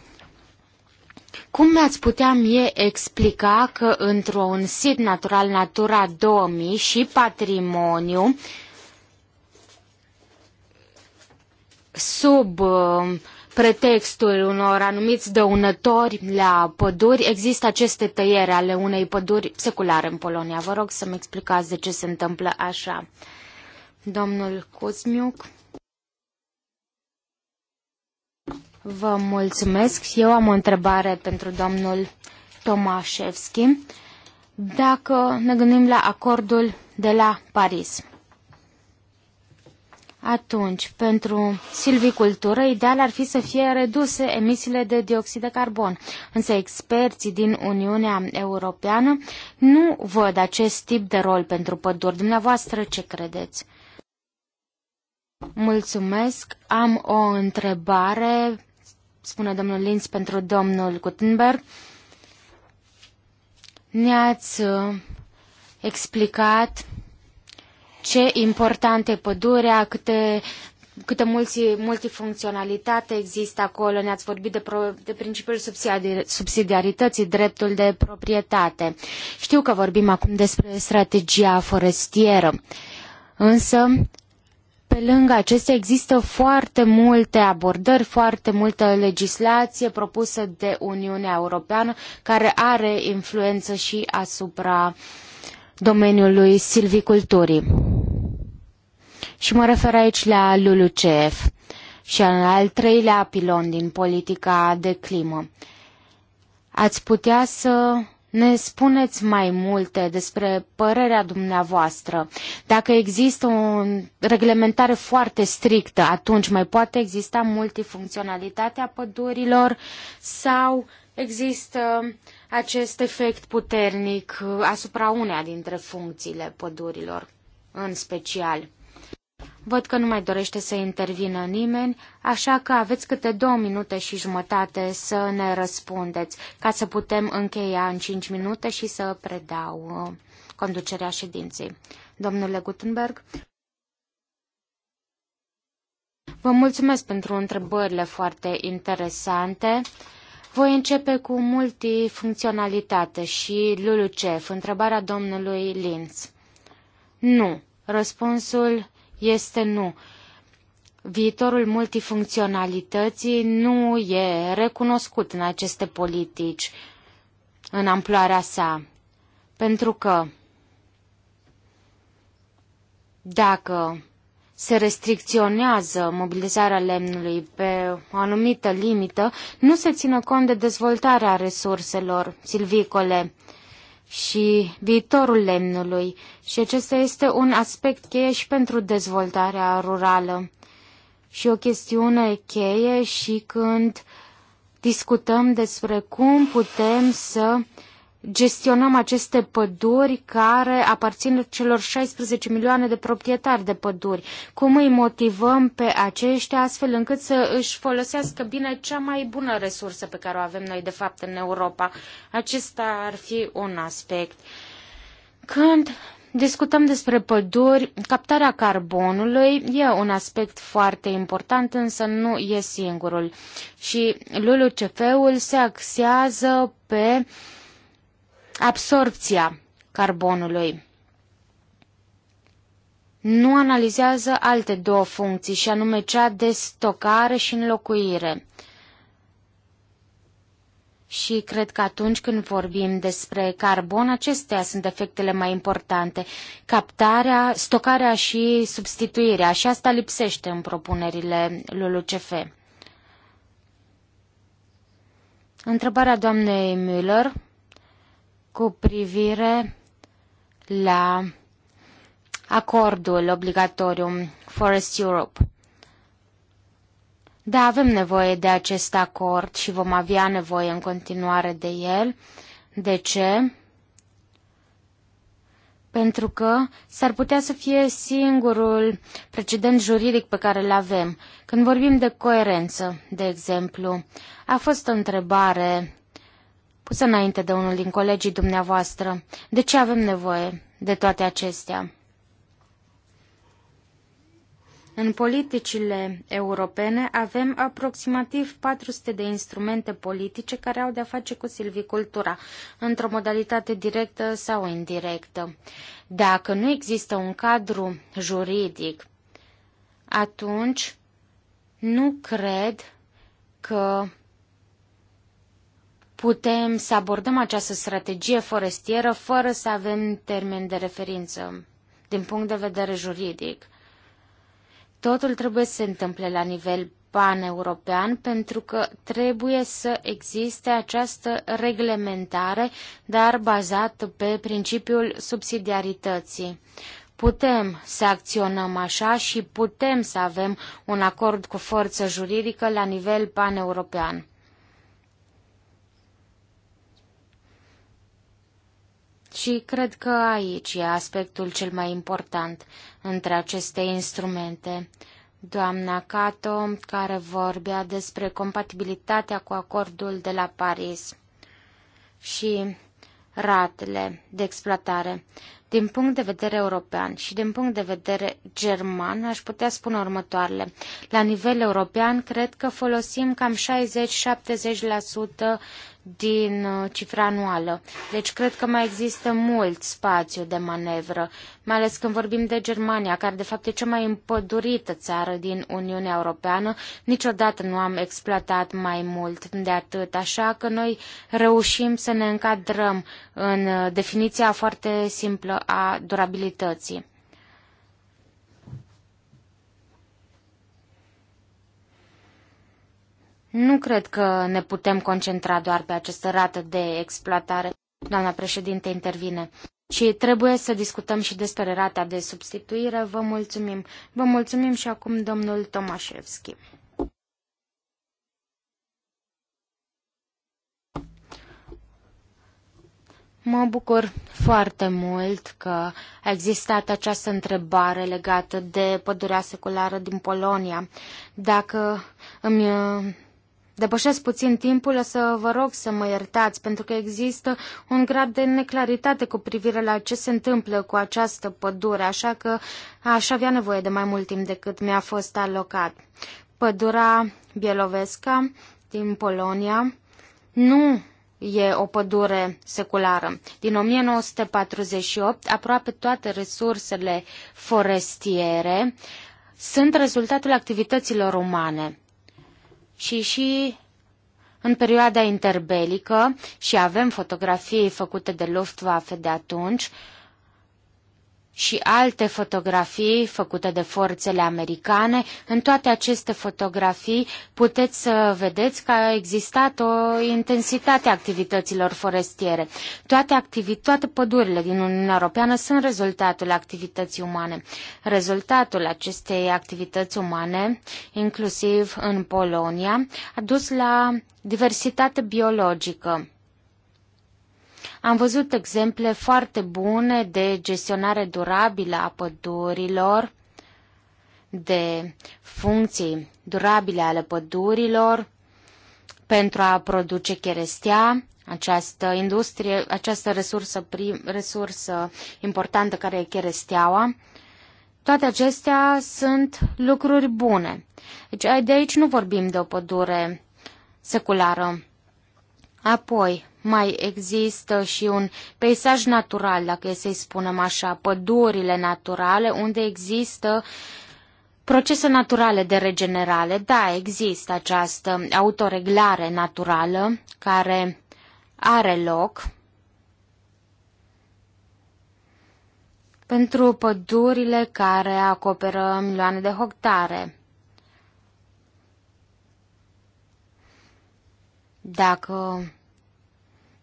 Cum mi-ați putea mie explica că într-un sit natural Natura 2000 și patrimoniu sub uh, pretextul unor anumiți dăunători la păduri, există aceste tăiere ale unei păduri seculare în Polonia. Vă rog să-mi explicați de ce se întâmplă așa. Domnul Cuzmiuc. Vă mulțumesc. Eu am o întrebare pentru domnul Tomașevski. Dacă ne gândim la acordul de la Paris, atunci, pentru silvicultură, ideal ar fi să fie reduse emisiile de dioxid de carbon, însă experții din Uniunea Europeană nu văd acest tip de rol pentru păduri. Dumneavoastră, ce credeți? Mulțumesc. Am o întrebare, spune domnul Linz pentru domnul Gutenberg. Ne-ați uh, explicat ce importantă e pădurea, câte câtă mulți, multifuncționalitate există acolo. Ne-ați vorbit de, pro, de principiul subsidiarității, dreptul de proprietate. Știu că vorbim acum despre strategia forestieră, însă pe lângă acestea există foarte multe abordări, foarte multă legislație propusă de Uniunea Europeană care are influență și asupra domeniului silviculturii. Și mă refer aici la LULUCF și în al treilea pilon din politica de climă. Ați putea să ne spuneți mai multe despre părerea dumneavoastră. Dacă există o reglementare foarte strictă, atunci mai poate exista multifuncționalitatea pădurilor sau există acest efect puternic asupra uneia dintre funcțiile pădurilor, în special. Văd că nu mai dorește să intervină nimeni, așa că aveți câte două minute și jumătate să ne răspundeți, ca să putem încheia în cinci minute și să predau uh, conducerea ședinței. Domnule Gutenberg? Vă mulțumesc pentru întrebările foarte interesante. Voi începe cu multifuncționalitate și LULUCEF, întrebarea domnului Linz. Nu, Răspunsul este nu. Viitorul multifuncționalității nu e recunoscut în aceste politici, în amploarea sa, pentru că dacă se restricționează mobilizarea lemnului pe o anumită limită, nu se ține cont de dezvoltarea resurselor silvicole și viitorul lemnului și acesta este un aspect cheie și pentru dezvoltarea rurală și o chestiune cheie și când discutăm despre cum putem să gestionăm aceste păduri care aparțin celor 16 milioane de proprietari de păduri? Cum îi motivăm pe aceștia astfel încât să își folosească bine cea mai bună resursă pe care o avem noi de fapt în Europa? Acesta ar fi un aspect. Când discutăm despre păduri, captarea carbonului e un aspect foarte important, însă nu e singurul. Și LULUCF-ul se axează pe uh, absorpția carbonului. Nu analizează alte două funcții, și anume cea de stocare și înlocuire. Și cred că atunci când vorbim despre carbon, acestea sunt efectele mai importante. Captarea, stocarea și substituirea. Și asta lipsește în propunerile lui LULUCF. Întrebarea doamnei Müller cu privire la acordul obligatoriu Forest Europe. Da, avem nevoie de acest acord și vom avea nevoie în continuare de el. De ce? Pentru că s-ar putea să fie singurul precedent juridic pe care îl avem. Când vorbim de coerență, de exemplu, a fost o întrebare pusă înainte de unul din colegii dumneavoastră. De ce avem nevoie de toate acestea? În politicile europene avem aproximativ 400 de instrumente politice care au de-a face cu silvicultura, într-o modalitate directă sau indirectă. Dacă nu există un cadru juridic, atunci nu cred că putem să abordăm această strategie forestieră fără să avem termen de referință din punct de vedere juridic. Totul trebuie să se întâmple la nivel pan-european pentru că trebuie să existe această reglementare, dar bazată pe principiul subsidiarității. Putem să acționăm așa și putem să avem un acord cu forță juridică la nivel pan-european. Și cred că aici e aspectul cel mai important între aceste instrumente. Doamna Cato, care vorbea despre compatibilitatea cu acordul de la Paris și ratele de exploatare. Din punct de vedere european și din punct de vedere german, aș putea spune următoarele. La nivel european, cred că folosim cam 60-70% din uh, cifra anuală. Deci cred că mai există mult spațiu de manevră, mai ales când vorbim de Germania, care de fapt e cea mai împădurită țară din Uniunea Europeană. Niciodată nu am exploatat mai mult de atât, așa că noi reușim să ne încadrăm în uh, definiția foarte simplă a durabilității. Nu cred că ne putem concentra doar pe această rată de exploatare, doamna președinte intervine, Și trebuie să discutăm și despre rata de substituire. Vă mulțumim. Vă mulțumim și acum domnul Tomașevski. Mă bucur foarte mult că a existat această întrebare legată de pădurea seculară din Polonia. Dacă îmi uh, depășesc puțin timpul, o să vă rog să mă iertați, pentru că există un grad de neclaritate cu privire la ce se întâmplă cu această pădure, așa că aș avea nevoie de mai mult timp decât mi-a fost alocat. Pădura bielovesca din Polonia nu e o pădure seculară. Din 1948, aproape toate resursele forestiere sunt rezultatul activităților umane. Și și în perioada interbelică, și avem fotografii făcute de Luftwaffe de atunci, uh, și alte fotografii făcute de forțele americane. În toate aceste fotografii puteți să vedeți că a existat o intensitate a activităților forestiere. Toate, activi- toate pădurile din Uniunea Europeană sunt rezultatul activității umane. Rezultatul acestei activități umane, inclusiv în Polonia, a dus la diversitate biologică am văzut exemple foarte bune de gestionare durabilă a pădurilor, de funcții durabile ale pădurilor pentru a produce cherestea, această industrie, această resursă, prim, resursă importantă care e cheresteaua. Toate acestea sunt lucruri bune. Deci de aici nu vorbim de o pădure seculară. Apoi, mai există și un peisaj natural, dacă e să-i spunem așa, pădurile naturale, unde există procese naturale de regenerare. Da, există această autoreglare naturală care are loc pentru pădurile care acoperă milioane de hectare. Dacă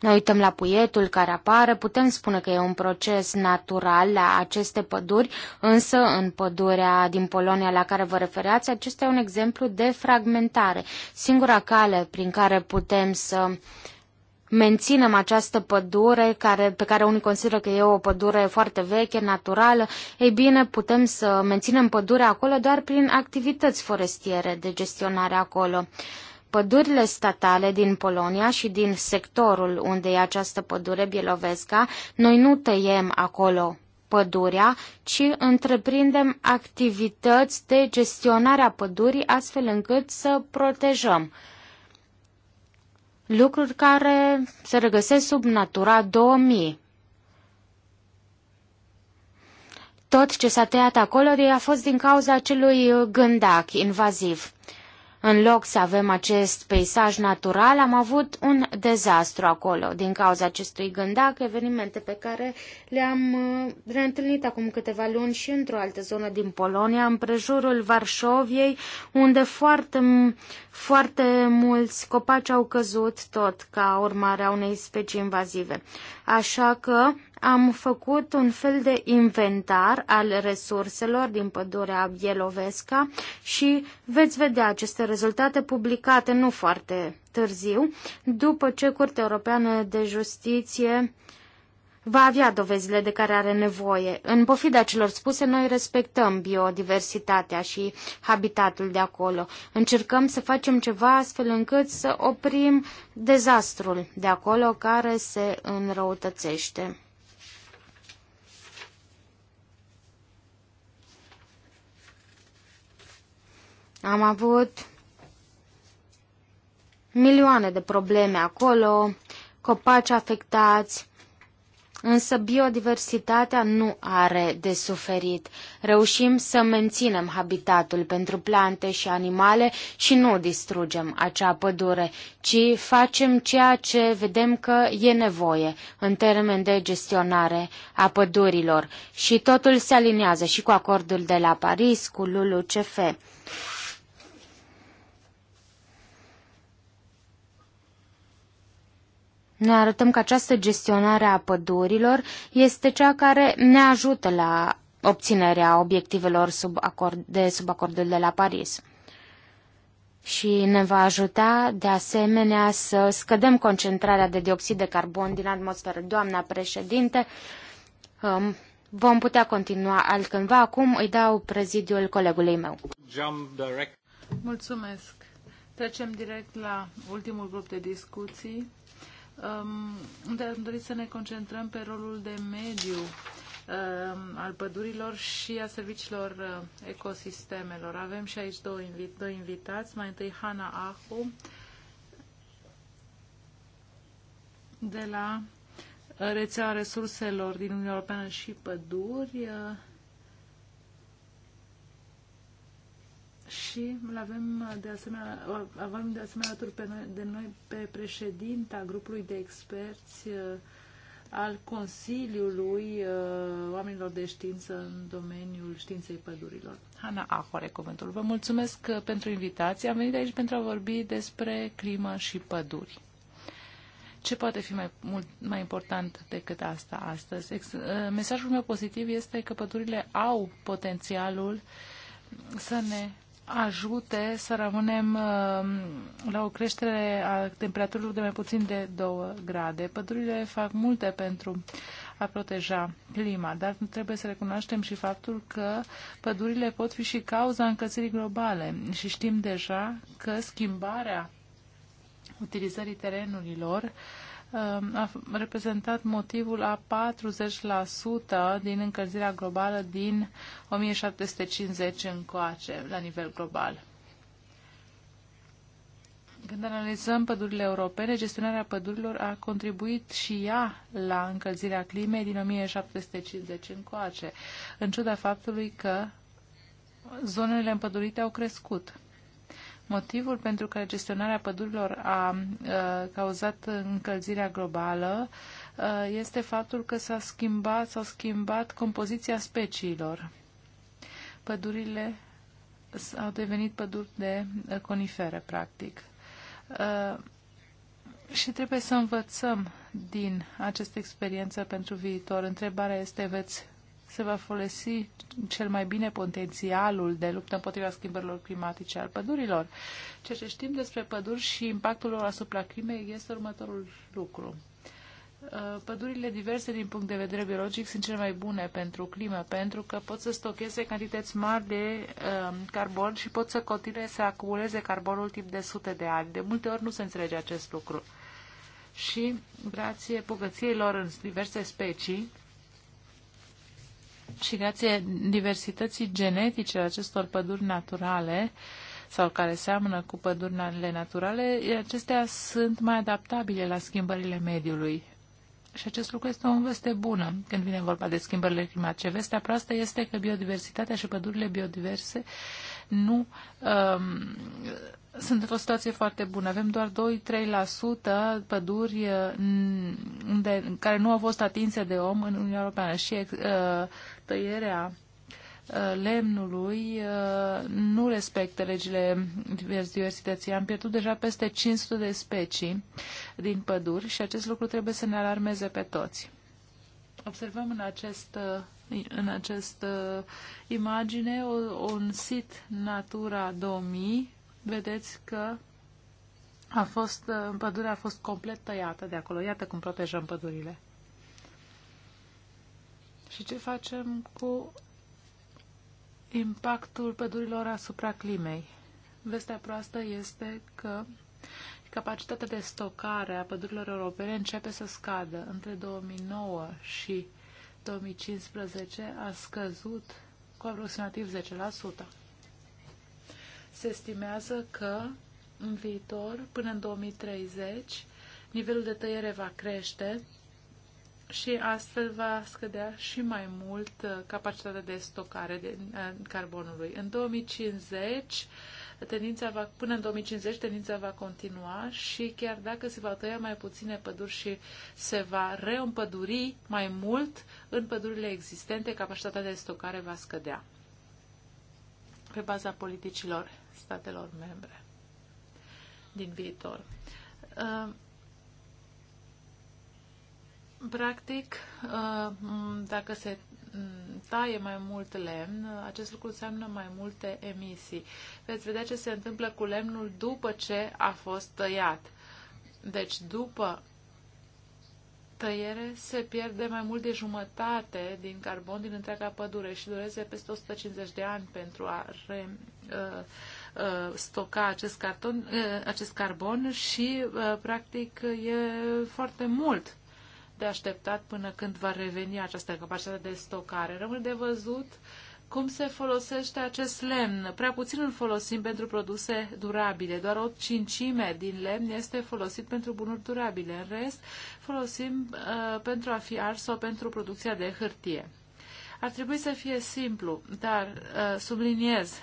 ne uităm la puietul care apare, putem spune că e un proces natural la aceste păduri, însă în pădurea din Polonia la care vă refereați, acesta e un exemplu de fragmentare. Singura cale prin care putem să menținem această pădure care, pe care unii consideră că e o pădure foarte veche, naturală, ei bine, putem să menținem pădurea acolo doar prin activități forestiere de gestionare acolo. Pădurile statale din Polonia și din sectorul unde e această pădure bielovesca, noi nu tăiem acolo pădurea, ci întreprindem activități de gestionare a pădurii astfel încât să protejăm lucruri care se regăsesc sub Natura 2000. Tot ce s-a tăiat acolo a fost din cauza acelui gândac invaziv. În loc să avem acest peisaj natural, am avut un dezastru acolo din cauza acestui gândac, evenimente pe care le-am uh, reîntâlnit acum câteva luni și într-o altă zonă din Polonia, în prejurul Varșoviei, unde foarte, foarte mulți copaci au căzut tot ca urmare a unei specii invazive. Așa că am făcut un fel de inventar al resurselor din pădurea Bielovesca și veți vedea aceste rezultate publicate nu foarte târziu, după ce Curtea Europeană de Justiție va avea dovezile de care are nevoie. În pofida celor spuse, noi respectăm biodiversitatea și habitatul de acolo. Încercăm să facem ceva astfel încât să oprim dezastrul de acolo care se înrăutățește. Am avut milioane de probleme acolo, copaci afectați, însă biodiversitatea nu are de suferit. Reușim să menținem habitatul pentru plante și animale și nu distrugem acea pădure, ci facem ceea ce vedem că e nevoie în termen de gestionare a pădurilor și totul se aliniază și cu acordul de la Paris, cu LULUCF. Noi arătăm că această gestionare a pădurilor este cea care ne ajută la obținerea obiectivelor sub acord, de sub acordul de la Paris. Și ne va ajuta, de asemenea, să scădem concentrarea de dioxid de carbon din atmosferă. Doamna președinte, um, vom putea continua altcândva. Acum îi dau prezidiul colegului meu. Mulțumesc. Trecem direct la ultimul grup de discuții Um, unde am dorit să ne concentrăm pe rolul de mediu um, al pădurilor și a serviciilor uh, ecosistemelor. Avem și aici două, invit- doi invitați, mai întâi Hana Ahu de la rețeaua resurselor din Uniunea Europeană și păduri, uh, și îl avem de asemenea, avem de asemenea alături pe noi, de noi pe președinta grupului de experți uh, al Consiliului uh, Oamenilor de Știință în domeniul științei pădurilor. Hanna Ahore, cuvântul. Vă mulțumesc uh, pentru invitație. Am venit aici pentru a vorbi despre climă și păduri. Ce poate fi mai, mult, mai important decât asta astăzi? Ex- mesajul meu pozitiv este că pădurile au potențialul să ne ajute să rămânem uh, la o creștere a temperaturilor de mai puțin de 2 grade. Pădurile fac multe pentru a proteja clima, dar trebuie să recunoaștem și faptul că pădurile pot fi și cauza încălzirii globale și știm deja că schimbarea utilizării terenurilor uh, Um, a reprezentat motivul a 40% din încălzirea globală din 1750 încoace la nivel global. Când analizăm pădurile europene, gestionarea pădurilor a contribuit și ea la încălzirea climei din 1750 încoace, în ciuda faptului că zonele împădurite au crescut. Motivul pentru care gestionarea pădurilor a cauzat încălzirea globală este faptul că s-a schimbat, s-a schimbat compoziția speciilor. Pădurile au devenit păduri de conifere, practic. Și trebuie să învățăm din această experiență pentru viitor. Întrebarea este, veți se va folosi cel mai bine potențialul de luptă împotriva schimbărilor climatice al pădurilor. Ceea ce știm despre păduri și impactul lor asupra climei este următorul lucru. Uh, pădurile diverse din punct de vedere biologic sunt cele mai bune pentru climă, pentru că pot să stocheze cantități mari de um, carbon și pot să continue să acumuleze carbonul timp de sute de ani. De multe ori nu se înțelege acest lucru. Și, grație bogăției lor în diverse specii, și grație diversității genetice a acestor păduri naturale sau care seamănă cu pădurile naturale, acestea sunt mai adaptabile la schimbările mediului. Și acest lucru este o veste bună când vine vorba de schimbările climatice. Vestea proastă este că biodiversitatea și pădurile biodiverse nu um, sunt într-o situație foarte bună. Avem doar 2-3% păduri uh, unde, care nu au fost atinse de om în Uniunea Europeană și uh, tăierea uh, lemnului uh, nu respectă legile diversității. Am pierdut deja peste 500 de specii din păduri și acest lucru trebuie să ne alarmeze pe toți. Observăm în acest în această imagine un sit Natura 2000 vedeți că a fost, uh, pădurea a fost complet tăiată de acolo. Iată cum protejăm pădurile. Și ce facem cu impactul pădurilor asupra climei? Vestea proastă este că capacitatea de stocare a pădurilor europene începe să scadă. Între 2009 și 2015 a scăzut cu aproximativ 10%. Se estimează că în viitor, până în 2030, nivelul de tăiere va crește și astfel va scădea și mai mult uh, capacitatea de stocare de uh, carbonului. În 2050, tendința va, până în 2050 tendința va continua și chiar dacă se va tăia mai puține păduri și se va reîmpăduri mai mult în pădurile existente, capacitatea de stocare va scădea pe baza politicilor statelor membre din viitor. Uh, practic, uh, dacă se taie mai mult lemn, acest lucru înseamnă mai multe emisii. Veți vedea ce se întâmplă cu lemnul după ce a fost tăiat. Deci, după tăiere se pierde mai mult de jumătate din carbon din întreaga pădure și dureze peste 150 de ani pentru a re, uh, Uh, stoca acest, carton, uh, acest carbon și, uh, practic, e foarte mult de așteptat până când va reveni această capacitate de stocare. Rămâne de văzut cum se folosește acest lemn. Prea puțin îl folosim pentru produse durabile. Doar o cincime din lemn este folosit pentru bunuri durabile. În rest, folosim uh, pentru a fi ars sau pentru producția de hârtie. Ar trebui să fie simplu, dar uh, subliniez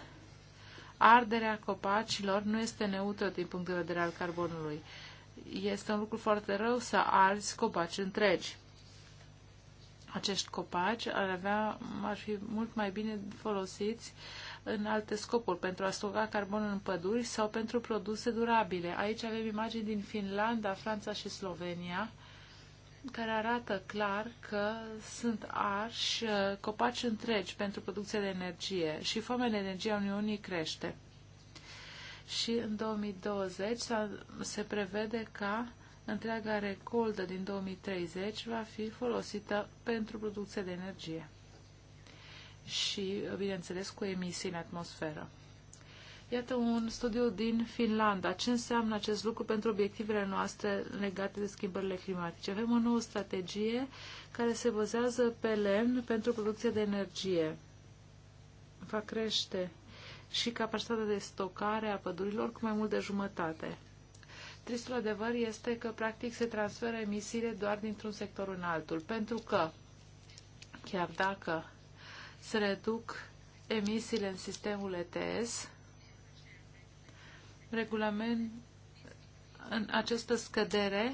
arderea copacilor nu este neutră din punct de vedere al carbonului. Este un lucru foarte rău să arzi copaci întregi. Acești copaci ar, avea, ar fi mult mai bine folosiți în alte scopuri, pentru a stoca carbon în păduri sau pentru produse durabile. Aici avem imagini din Finlanda, Franța și Slovenia care arată clar că sunt arși uh, copaci întregi pentru producția de energie și foamea de energie a Uniunii crește. Și în 2020 se prevede ca întreaga recoltă din 2030 va fi folosită pentru producția de energie și, bineînțeles, cu emisii în atmosferă. Iată un studiu din Finlanda. Ce înseamnă acest lucru pentru obiectivele noastre legate de schimbările climatice? Avem o nouă strategie care se bazează pe lemn pentru producția de energie. Va crește și capacitatea de stocare a pădurilor cu mai mult de jumătate. Tristul adevăr este că practic se transferă emisiile doar dintr-un sector în altul, pentru că chiar dacă se reduc emisiile în sistemul ETS, regulament, în această scădere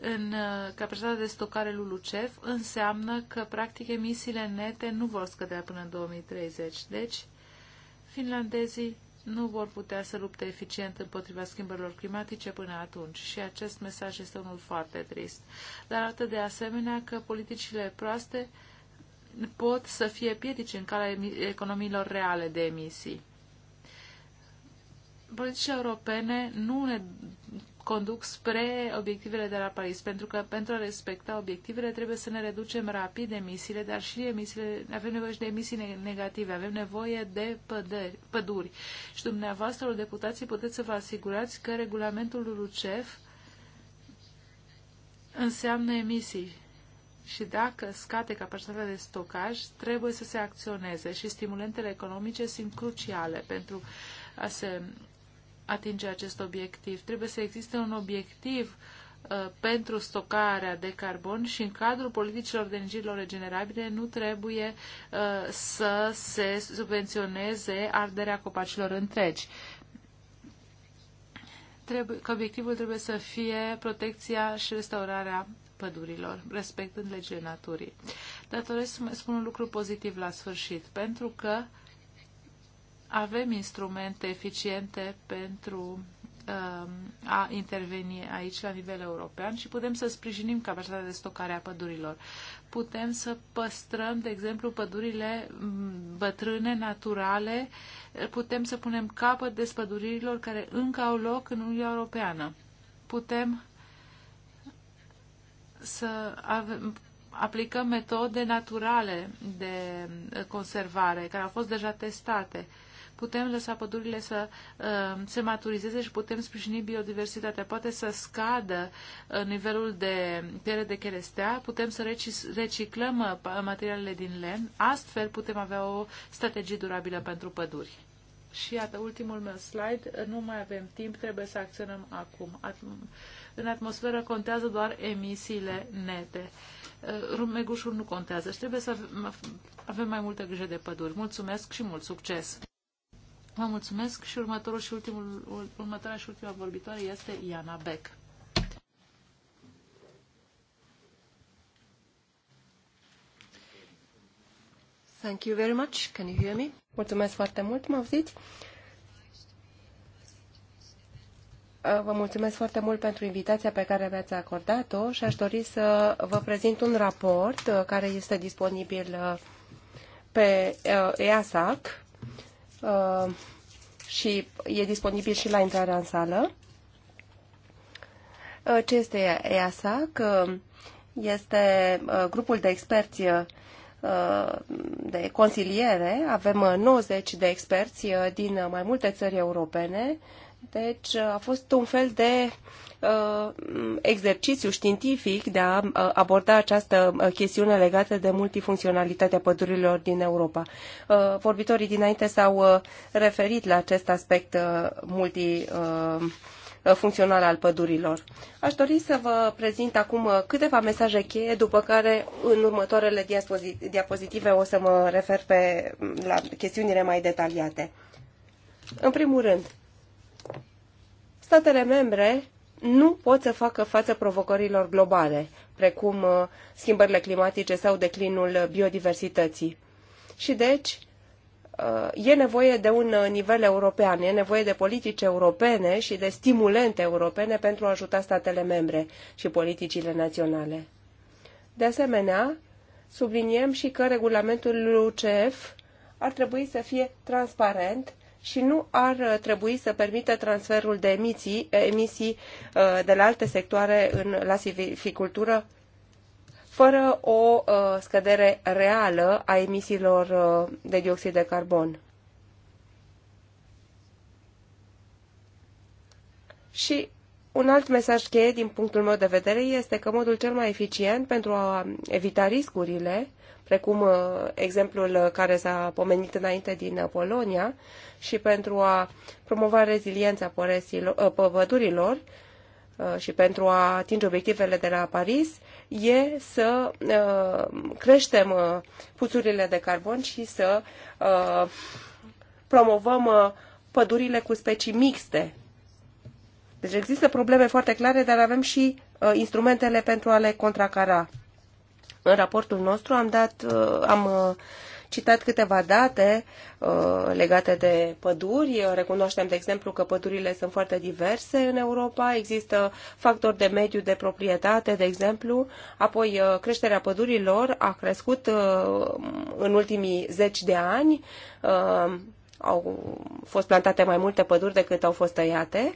în uh, capacitatea de stocare LULUCEF înseamnă că, practic, emisiile nete nu vor scădea până în 2030. Deci, finlandezii nu vor putea să lupte eficient împotriva schimbărilor climatice până atunci și acest mesaj este unul foarte trist. Dar arată de asemenea că politicile proaste pot să fie piedici în calea economiilor reale de emisii politicile europene nu ne conduc spre obiectivele de la Paris, pentru că pentru a respecta obiectivele trebuie să ne reducem rapid emisiile, dar și emisiile, avem nevoie și de emisii negative, avem nevoie de pădări, păduri. Și dumneavoastră, deputații, puteți să vă asigurați că regulamentul LULUCEF înseamnă emisii și dacă scade capacitatea de stocaj, trebuie să se acționeze și stimulentele economice sunt cruciale pentru a se atinge acest obiectiv. Trebuie să existe un obiectiv uh, pentru stocarea de carbon și în cadrul politicilor de energiilor regenerabile nu trebuie uh, să se subvenționeze arderea copacilor întregi. Trebuie, că obiectivul trebuie să fie protecția și restaurarea pădurilor, respectând legile naturii. Dar doresc să spun un lucru pozitiv la sfârșit, pentru că avem instrumente eficiente pentru um, a interveni aici la nivel european și putem să sprijinim capacitatea de stocare a pădurilor. Putem să păstrăm, de exemplu, pădurile um, bătrâne, naturale, putem să punem capăt despădurilor care încă au loc în Uniunea Europeană. Putem să avem, aplicăm metode naturale de uh, conservare care au fost deja testate putem lăsa pădurile să uh, se maturizeze și putem sprijini biodiversitatea. Poate să scadă uh, nivelul de piere de cherestea, putem să reciclăm uh, materialele din lemn, astfel putem avea o strategie durabilă pentru păduri. Și iată, ultimul meu slide, uh, nu mai avem timp, trebuie să acționăm acum. At- în atmosferă contează doar emisiile nete. Uh, Rumegușul nu contează și trebuie să avem mai multă grijă de păduri. Mulțumesc și mult succes! Vă mulțumesc și următorul și ultimul, următoarea și ultima vorbitoare este Iana Beck. Thank you very much. Can you hear me? Mulțumesc foarte mult. Mă auziți? Uh, vă mulțumesc foarte mult pentru invitația pe care mi-ați acordat-o și aș dori să vă prezint un raport uh, care este disponibil uh, pe EASAC, Uh, și e disponibil și la intrarea în sală. Uh, ce este EASA? Că este uh, grupul de experți de consiliere. Avem 90 de experți din mai multe țări europene. Deci a fost un fel de uh, Uh, exercițiu științific de a uh, aborda această uh, chestiune legată de multifuncționalitatea pădurilor din Europa. Vorbitorii dinainte s-au referit la acest aspect multi funcțional al pădurilor. Aș dori să vă prezint acum câteva mesaje cheie, după care în următoarele diapozitive o să mă refer pe, mm, la chestiunile mai detaliate. În primul rând, statele membre nu pot să facă față provocărilor globale, precum uh, schimbările climatice sau declinul biodiversității. Și deci, uh, e nevoie de un uh, nivel european, e nevoie de politici europene și de stimulente europene pentru a ajuta statele membre și politicile naționale. De asemenea, subliniem și că regulamentul UCF ar trebui să fie transparent și nu ar trebui să permită transferul de emisii, emisii uh, de la alte sectoare în, la silvicultură fără o uh, scădere reală a emisiilor uh, de dioxid de carbon. Și un alt mesaj cheie din punctul meu de vedere este că modul cel mai eficient pentru a evita riscurile precum uh, exemplul care s-a pomenit înainte din Polonia, și pentru a promova reziliența pădurilor uh, uh, și pentru a atinge obiectivele de la Paris, e să creștem puțurile de carbon și să promovăm pădurile cu specii mixte. Deci există probleme foarte clare, dar avem și instrumentele pentru a le contracara în raportul nostru am dat, uh, am uh, citat câteva date uh, legate de păduri. Recunoaștem, de exemplu, că pădurile sunt foarte diverse în Europa. Există factori de mediu, de proprietate, de exemplu. Apoi, creșterea pădurilor a crescut în ultimii zeci de ani. Au fost plantate mai multe păduri decât au fost tăiate. Uh,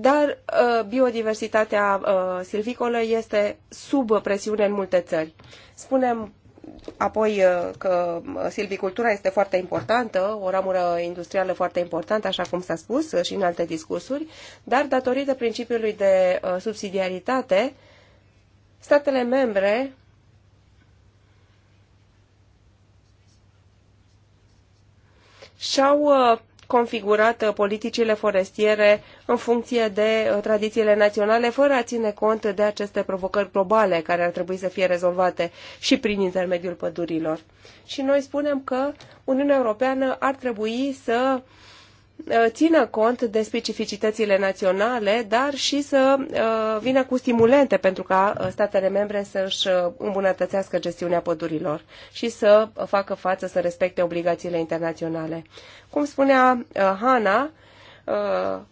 dar uh, biodiversitatea uh, silvicolă este sub presiune în multe țări. Spunem apoi uh, că silvicultura este foarte importantă, o ramură industrială foarte importantă, așa cum s-a spus și în alte discursuri, dar datorită principiului de subsidiaritate, statele membre și-au configurat uh, politicile forestiere în funcție de uh, tradițiile naționale, fără a ține cont de aceste provocări globale care ar trebui să fie rezolvate și prin intermediul pădurilor. Și noi spunem că Uniunea Europeană ar trebui să Uh, țină cont de specificitățile naționale, dar și să uh, vină cu stimulente pentru ca uh, statele membre să își îmbunătățească gestiunea pădurilor și să facă față, să respecte obligațiile internaționale. Cum spunea Hana,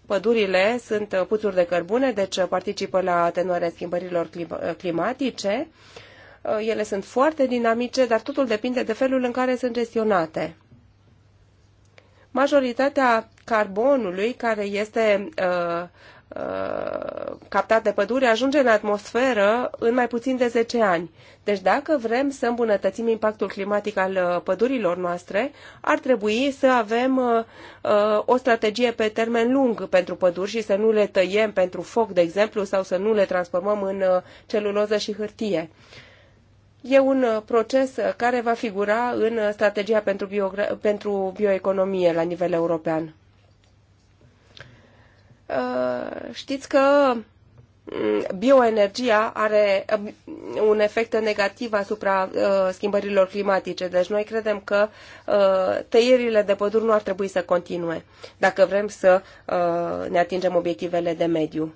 pădurile sunt puțuri de cărbune, deci participă la atenuarea schimbărilor climatice. Ele sunt foarte dinamice, dar totul depinde de felul în care sunt gestionate majoritatea carbonului care este uh, uh, captat de pădure ajunge în atmosferă în mai puțin de 10 ani. Deci dacă vrem să îmbunătățim impactul climatic al uh, pădurilor noastre, ar trebui să avem uh, uh, o strategie pe termen lung pentru păduri și să nu le tăiem pentru foc, de exemplu, sau să nu le transformăm în celuloză și hârtie. E un proces care va figura în strategia pentru, bio, pentru bioeconomie la nivel european Uh, știți că mm, bioenergia are mm, un efect negativ asupra uh, schimbărilor climatice. Deci noi credem că uh, tăierile de păduri nu ar trebui să continue dacă vrem să ne atingem obiectivele de mediu.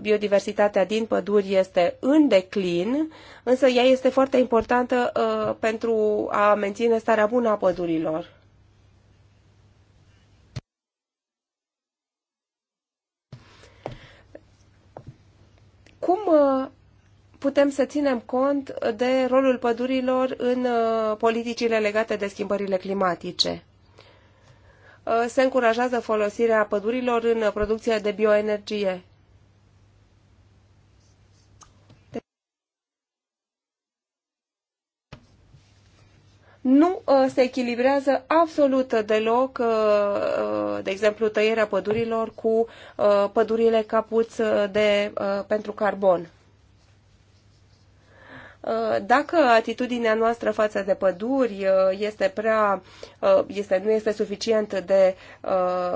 Biodiversitatea din păduri este în declin, însă ea este foarte importantă pentru a menține starea bună a pădurilor Cum uh, putem să ținem cont de rolul pădurilor în uh, politicile legate de schimbările climatice? Uh, se încurajează folosirea pădurilor în producția de bioenergie nu uh, se echilibrează absolut deloc, uh, uh, de exemplu, tăierea pădurilor cu pădurile capuți de, pentru carbon. Uh, dacă atitudinea noastră față de păduri uh, este prea, uh, este, nu este suficient de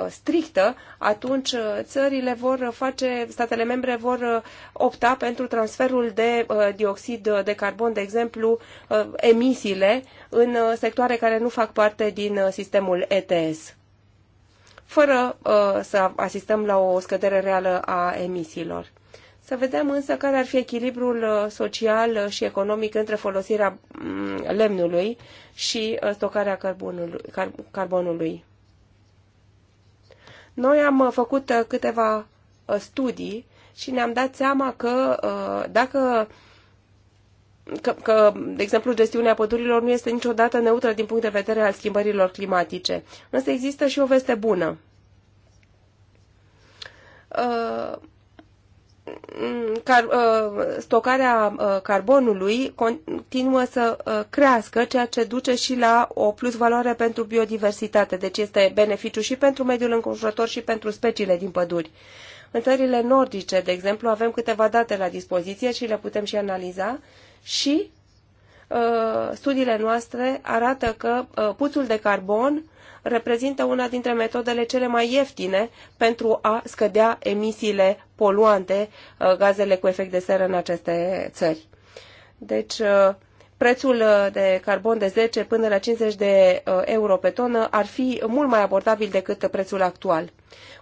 strictă, atunci țările vor face, statele membre vor opta pentru transferul de dioxid de carbon, de exemplu, emisiile în sectoare care nu fac parte din sistemul ETS fără uh, să asistăm la o scădere reală a emisiilor. Să vedem însă care ar fi echilibrul uh, social uh, și economic între folosirea mm, lemnului și uh, stocarea carbonului. Noi am făcut câteva studii și ne-am dat seama că dacă că, că, de exemplu, gestiunea pădurilor nu este niciodată neutră din punct de vedere al schimbărilor climatice. Însă există și o veste bună car, uh, stocarea uh, carbonului continuă să uh, crească, ceea ce duce și la o plus valoare pentru biodiversitate. Deci este beneficiu și pentru mediul înconjurător și pentru speciile din păduri. În țările nordice, de exemplu, avem câteva date la dispoziție și le putem și analiza și uh, studiile noastre arată că uh, puțul de carbon reprezintă una dintre metodele cele mai ieftine pentru a scădea emisiile poluante, uh, gazele cu efect de seră în aceste țări. Deci, uh, prețul uh, de carbon de 10 până la 50 de euro pe tonă ar fi mult mai abordabil decât prețul actual.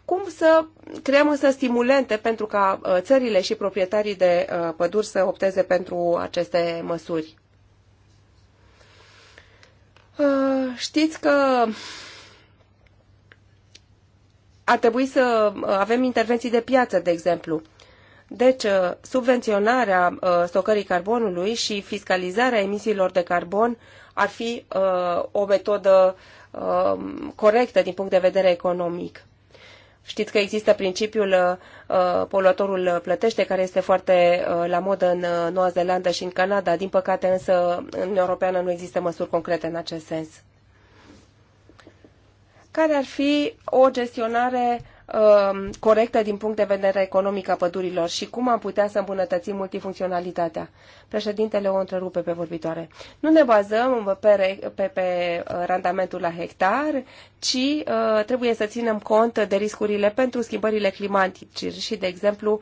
Cum să creăm însă stimulente pentru ca țările și proprietarii de păduri să opteze pentru aceste măsuri? Uh, știți că ar trebui să uh, avem intervenții de piață, de exemplu. Deci, uh, subvenționarea stocării carbonului și fiscalizarea emisiilor de carbon ar fi o metodă corectă din punct de vedere economic. Știți că există principiul uh, uh, poluatorul plătește, care este foarte uh, la modă în uh, Noua Zeelandă și în Canada. Din păcate, însă, în Europeană nu există măsuri concrete în acest sens. Care ar fi o gestionare Um, corectă din punct de vedere economic a pădurilor și cum am putea să îmbunătățim multifuncționalitatea. Președintele o întrerupe pe vorbitoare. Nu ne bazăm pe, pe, pe uh, randamentul la hectar, ci uh, trebuie să ținem cont de riscurile pentru schimbările climatice și, de exemplu,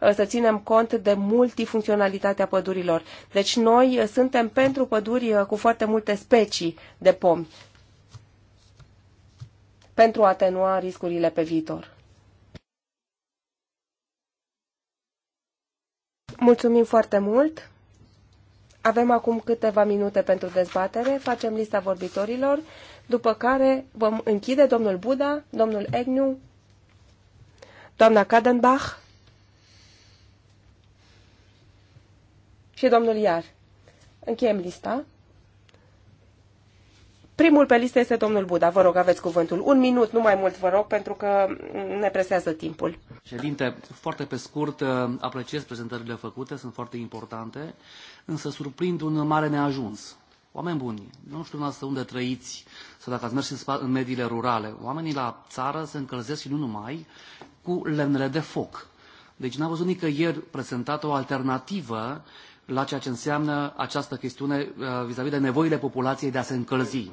uh, să ținem cont de multifuncționalitatea pădurilor. Deci noi suntem pentru păduri uh, cu foarte multe specii de pomi pentru a atenua riscurile pe viitor. Mulțumim foarte mult! Avem acum câteva minute pentru dezbatere, facem lista vorbitorilor, după care vom închide domnul Buda, domnul Egnu, doamna Kadenbach și domnul Iar. Încheiem lista. Primul pe listă este domnul Buda. Vă rog, aveți cuvântul. Un minut, nu mai mult, vă rog, pentru că ne presează timpul. Ședinte, foarte pe scurt, uh, apreciez prezentările făcute, sunt foarte importante, însă surprind un mare neajuns. Oameni buni, nu știu noastră unde trăiți sau dacă ați mers în, în mediile rurale. Oamenii la țară se încălzesc și nu numai cu lemnele de foc. Deci n-am văzut nicăieri prezentată o alternativă la ceea ce înseamnă această chestiune uh, vis-a-vis -vis de nevoile populației de a se încălzi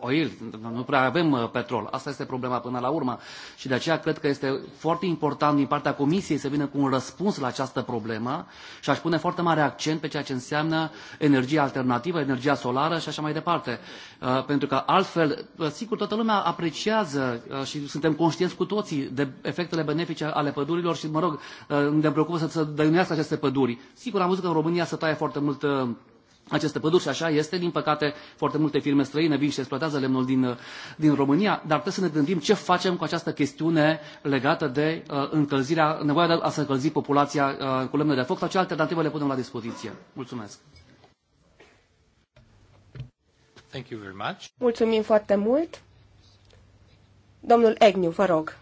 oil, nu prea avem uh, petrol. Asta este problema până la urmă și de aceea cred că este foarte important din partea Comisiei să vină cu un răspuns la această problemă și aș pune foarte mare accent pe ceea ce înseamnă energia alternativă, energia solară și așa mai departe. Uh, pentru că altfel, uh, sigur, toată lumea apreciază și suntem conștienți cu toții de efectele benefice ale pădurilor și, mă rog, ne preocupă să se dăinuiască aceste păduri. Sigur, am văzut că în România se taie foarte mult aceste păduri și așa este. Din păcate, foarte multe firme străine vin și exploatează lemnul din, din România, dar trebuie să ne gândim ce facem cu această chestiune legată de uh, încălzirea, nevoia de a să încălzi populația uh, cu lemne de foc sau ce alternative le putem la dispoziție. Mulțumesc! Thank you very much. Mulțumim foarte mult! Domnul Egniu, vă rog.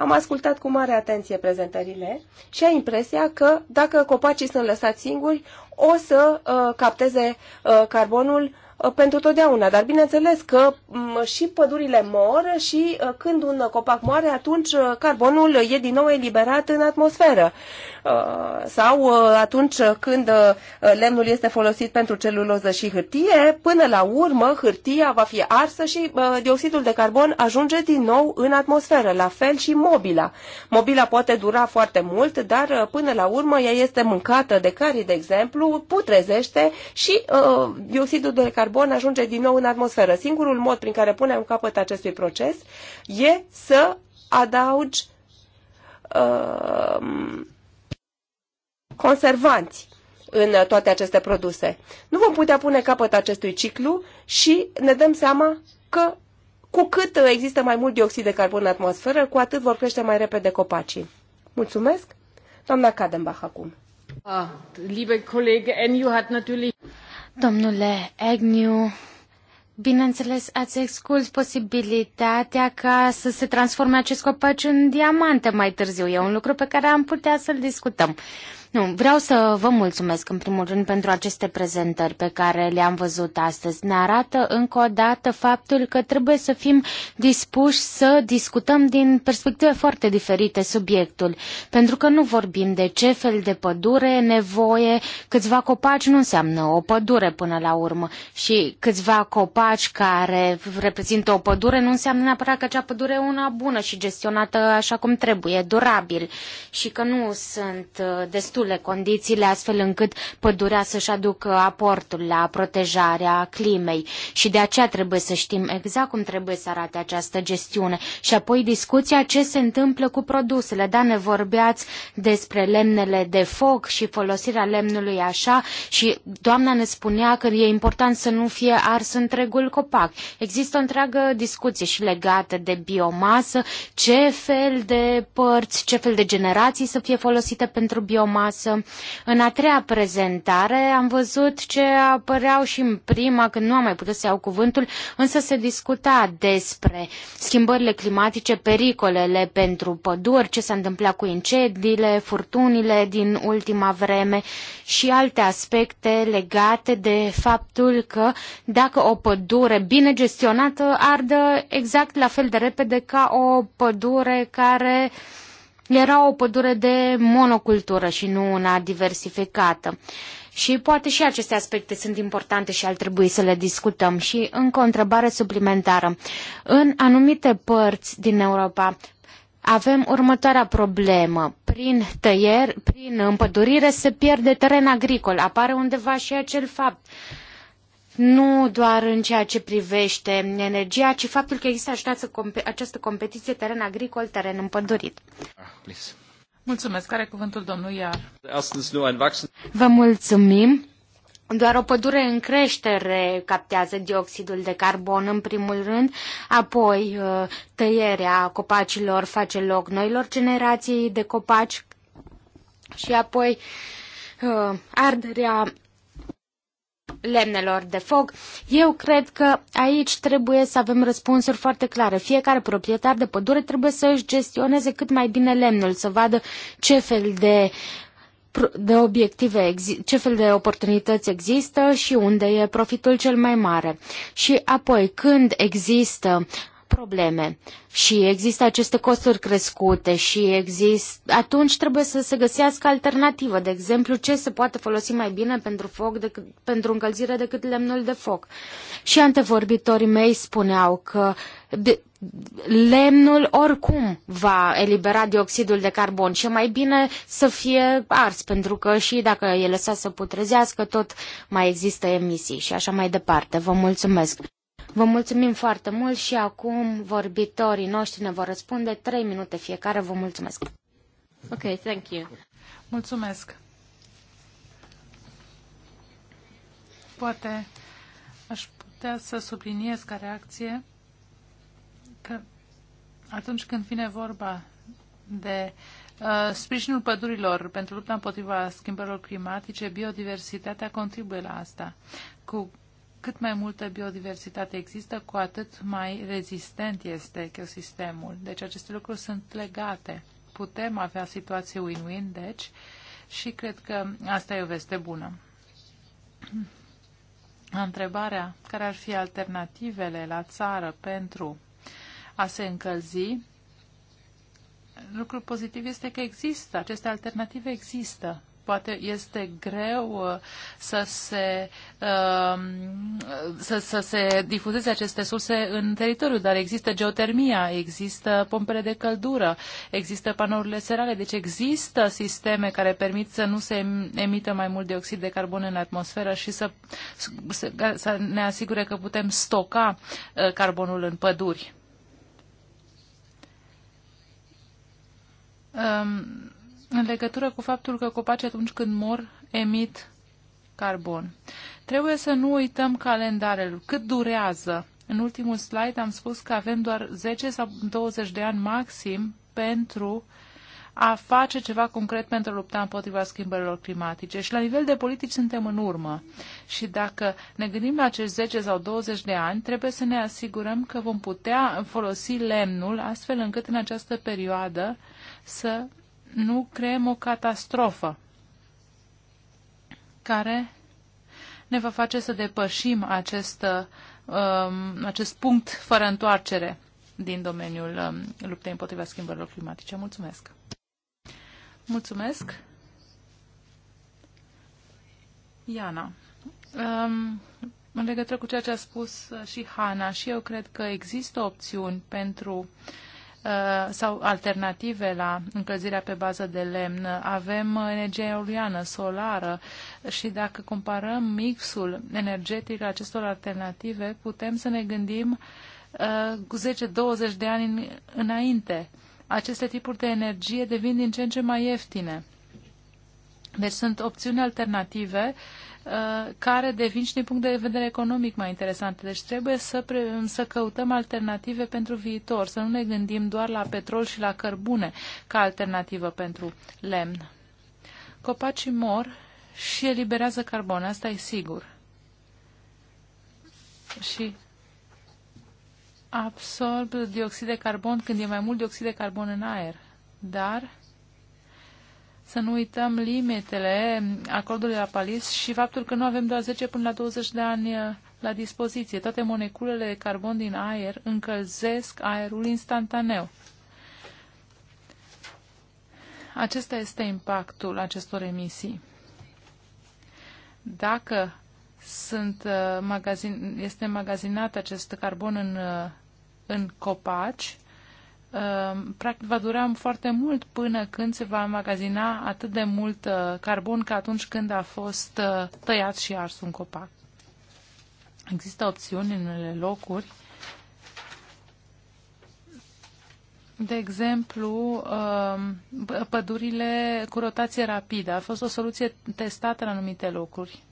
Am ascultat cu mare atenție prezentările și am impresia că dacă copacii sunt lăsați singuri, o să uh, capteze uh, carbonul uh, pentru totdeauna, dar bineînțeles că mm, și pădurile mor și uh, când un copac moare, atunci uh, carbonul e din nou eliberat în atmosferă. Uh, sau uh, atunci când uh, lemnul este folosit pentru celuloză și hârtie, până la urmă hârtia va fi arsă și dioxidul de carbon ajunge din nou în atmosferă, la fel și mobila. Mobila poate dura foarte mult, dar până la urmă ea este mâncată de carii, de exemplu, putrezește și uh, dioxidul de carbon ajunge din nou în atmosferă. Singurul mod prin care punem capăt acestui proces e să adaugi uh, conservanți în toate aceste produse. Nu vom putea pune capăt acestui ciclu și ne dăm seama că cu cât există mai mult dioxid de carbon în atmosferă, cu atât vor crește mai repede copacii. Mulțumesc. Doamna Kadenbach acum. Ah, liebe Kollege Agnew hat natürlich... Domnule Agnew, Bineînțeles, ați exclus posibilitatea ca să se transforme acest copac în diamante mai târziu. E un lucru pe care am putea să-l discutăm. Uh, nu, vreau să vă mulțumesc în primul rând pentru aceste prezentări pe care le-am văzut astăzi. Ne arată încă o dată faptul că trebuie să fim dispuși să discutăm din perspective foarte diferite subiectul, pentru că nu vorbim de ce fel de pădure e nevoie, câțiva copaci nu înseamnă o pădure până la urmă și câțiva copaci care reprezintă o pădure nu înseamnă neapărat că acea pădure e una bună și gestionată așa cum trebuie, durabil și că nu sunt uh, destul destule condițiile astfel încât pădurea să-și aducă aportul la protejarea climei și de aceea trebuie să știm exact cum trebuie să arate această gestiune. Și apoi discuția ce se întâmplă cu produsele. Da, ne vorbeați despre lemnele de foc și folosirea lemnului așa și doamna ne spunea că e important să nu fie ars întregul copac. Există o întreagă discuție și legată de biomasă, ce fel de părți, ce fel de generații să fie folosite pentru biomasă, frumoasă. În a treia prezentare am văzut ce apăreau și în prima, când nu am mai putut să iau cuvântul, însă se discuta despre schimbările climatice, pericolele pentru păduri, ce s-a întâmplat cu incendiile, furtunile din ultima vreme și alte aspecte legate de faptul că dacă o pădure bine gestionată ardă exact la fel de repede ca o pădure care uh, era o pădure de monocultură și nu una diversificată. Și poate și aceste aspecte sunt importante și ar trebui să le discutăm. Și încă o întrebare suplimentară. În anumite părți din Europa, avem următoarea problemă. Prin tăier, prin împădurire se pierde teren agricol. Apare undeva și acel fapt nu doar în ceea ce privește energia, ci faptul că există această, această competiție teren agricol, teren împădurit. Ah, Mulțumesc. Care cuvântul domnul Iar? Vă mulțumim. Doar o pădure în creștere captează dioxidul de carbon în primul rând, apoi uh, tăierea copacilor face loc noilor generații de copaci și apoi uh, arderea lemnelor de foc. Eu cred că aici trebuie să avem răspunsuri foarte clare. Fiecare proprietar de pădure trebuie să își gestioneze cât mai bine lemnul, să vadă ce fel de de obiective, ce fel de oportunități există și unde e profitul cel mai mare. Și apoi, când există probleme și există aceste costuri crescute și există, atunci trebuie să se găsească alternativă, de exemplu ce se poate folosi mai bine pentru foc decât, pentru încălzire decât lemnul de foc. Și antevorbitorii mei spuneau că de, lemnul oricum va elibera dioxidul de carbon și mai bine să fie ars, pentru că și dacă e lăsat să putrezească, tot mai există emisii și așa mai departe. Vă mulțumesc! Vă mulțumim foarte mult și acum vorbitorii noștri ne vor răspunde. Trei minute fiecare. Vă mulțumesc. Ok, thank you. Mulțumesc. Poate aș putea să subliniez ca reacție că atunci când vine vorba de uh, sprijinul pădurilor pentru lupta împotriva schimbărilor climatice, biodiversitatea contribuie la asta. Cu cât mai multă biodiversitate există, cu atât mai rezistent este ecosistemul. Deci aceste lucruri sunt legate. Putem avea situații win-win, deci, și cred că asta e o veste bună. Întrebarea care ar fi alternativele la țară pentru a se încălzi, Lucrul pozitiv este că există, aceste alternative există poate este greu uh, să se, um, să, să se difuzeze aceste surse în teritoriu, dar există geotermia, există pompele de căldură, există panourile serale, deci există sisteme care permit să nu se emită mai mult dioxid de carbon în atmosferă și să, să, să ne asigure că putem stoca uh, carbonul în păduri. Um, în legătură cu faptul că copacii atunci când mor emit carbon. Trebuie să nu uităm calendarul, cât durează. În ultimul slide am spus că avem doar 10 sau 20 de ani maxim pentru a face ceva concret pentru a lupta împotriva schimbărilor climatice. Și la nivel de politici suntem în urmă. Și dacă ne gândim la acești 10 sau 20 de ani, trebuie să ne asigurăm că vom putea folosi lemnul astfel încât în această perioadă să nu creăm o catastrofă care ne va face să depășim acest, um, acest punct fără întoarcere din domeniul um, luptei împotriva schimbărilor climatice. Mulțumesc! Mulțumesc! Iana, um, în legătură cu ceea ce a spus și Hana, și eu cred că există opțiuni pentru uh, Uh, sau alternative la încălzirea pe bază de lemn. Avem energie eoliană, solară și dacă comparăm mixul energetic acestor alternative, putem să ne gândim uh, cu 10-20 de ani înainte. Aceste tipuri de energie devin din ce în ce mai ieftine. Deci sunt opțiuni alternative uh, Uh, care devin și din punct de vedere economic mai interesante. Deci trebuie să, pre, să căutăm alternative pentru viitor, să nu ne gândim doar la petrol și la cărbune ca alternativă pentru lemn. Copacii mor și eliberează carbon, asta e sigur. Și absorb dioxid de carbon când e mai mult dioxid de carbon în aer. Dar să nu uităm limitele acordului la Paris și faptul că nu avem doar 10 până la 20 de ani uh, la dispoziție. Toate moleculele de carbon din aer încălzesc aerul instantaneu. Acesta este impactul acestor emisii. Dacă sunt uh, magazin, este magazinat acest carbon în, uh, în copaci, Ehm, practic va dura foarte mult până când se va magazina atât de mult uh, carbon ca atunci când a fost uh, tăiat și ars un copac. Există opțiuni în unele locuri. De exemplu, ehm, pădurile cu rotație rapidă. A fost o soluție testată în anumite locuri.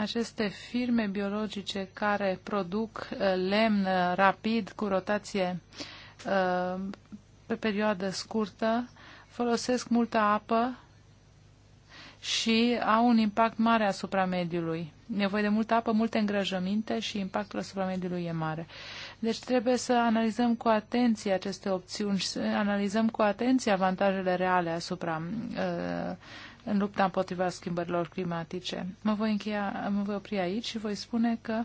aceste firme biologice care produc uh, lemn uh, rapid cu rotație uh, pe perioadă scurtă folosesc multă apă și au un impact mare asupra mediului. Nevoie de multă apă, multe îngrăjăminte și impactul asupra mediului e mare. Deci trebuie să analizăm cu atenție aceste opțiuni și să analizăm cu atenție avantajele reale asupra uh, în lupta împotriva schimbărilor climatice. Mă voi, încheia, mă voi opri aici și voi spune că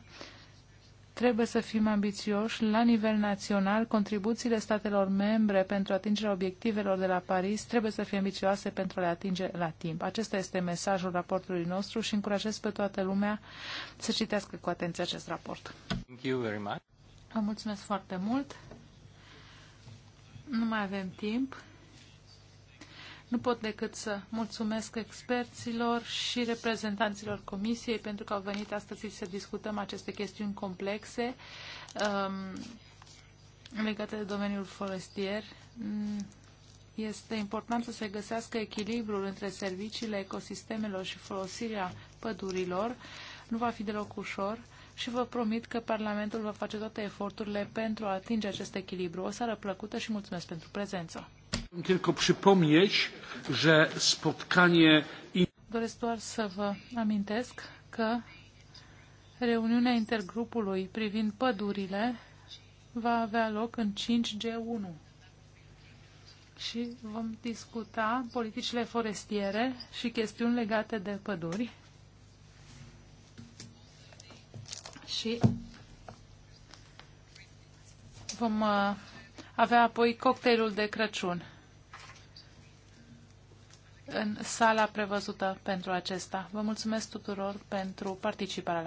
trebuie să fim ambițioși la nivel național. Contribuțiile statelor membre pentru atingerea obiectivelor de la Paris trebuie să fie ambițioase pentru a le atinge la timp. Acesta este mesajul raportului nostru și încurajez pe toată lumea să citească cu atenție acest raport. Thank you very much. Vă mulțumesc foarte mult. Nu mai avem timp. Nu pot decât să mulțumesc experților și reprezentanților Comisiei pentru că au venit astăzi să discutăm aceste chestiuni complexe um, legate de domeniul forestier. Mm, este important să se găsească echilibrul între serviciile ecosistemelor și folosirea pădurilor. Nu va fi deloc ușor și vă promit că Parlamentul va face toate eforturile pentru a atinge acest echilibru. O seară plăcută și mulțumesc pentru prezență! Doresc doar să vă amintesc că reuniunea intergrupului privind pădurile va avea loc în 5G1 și vom discuta politicile forestiere și chestiuni legate de păduri. Și vom uh, avea apoi cocktailul de Crăciun în sala prevăzută pentru acesta. Vă mulțumesc tuturor pentru participarea la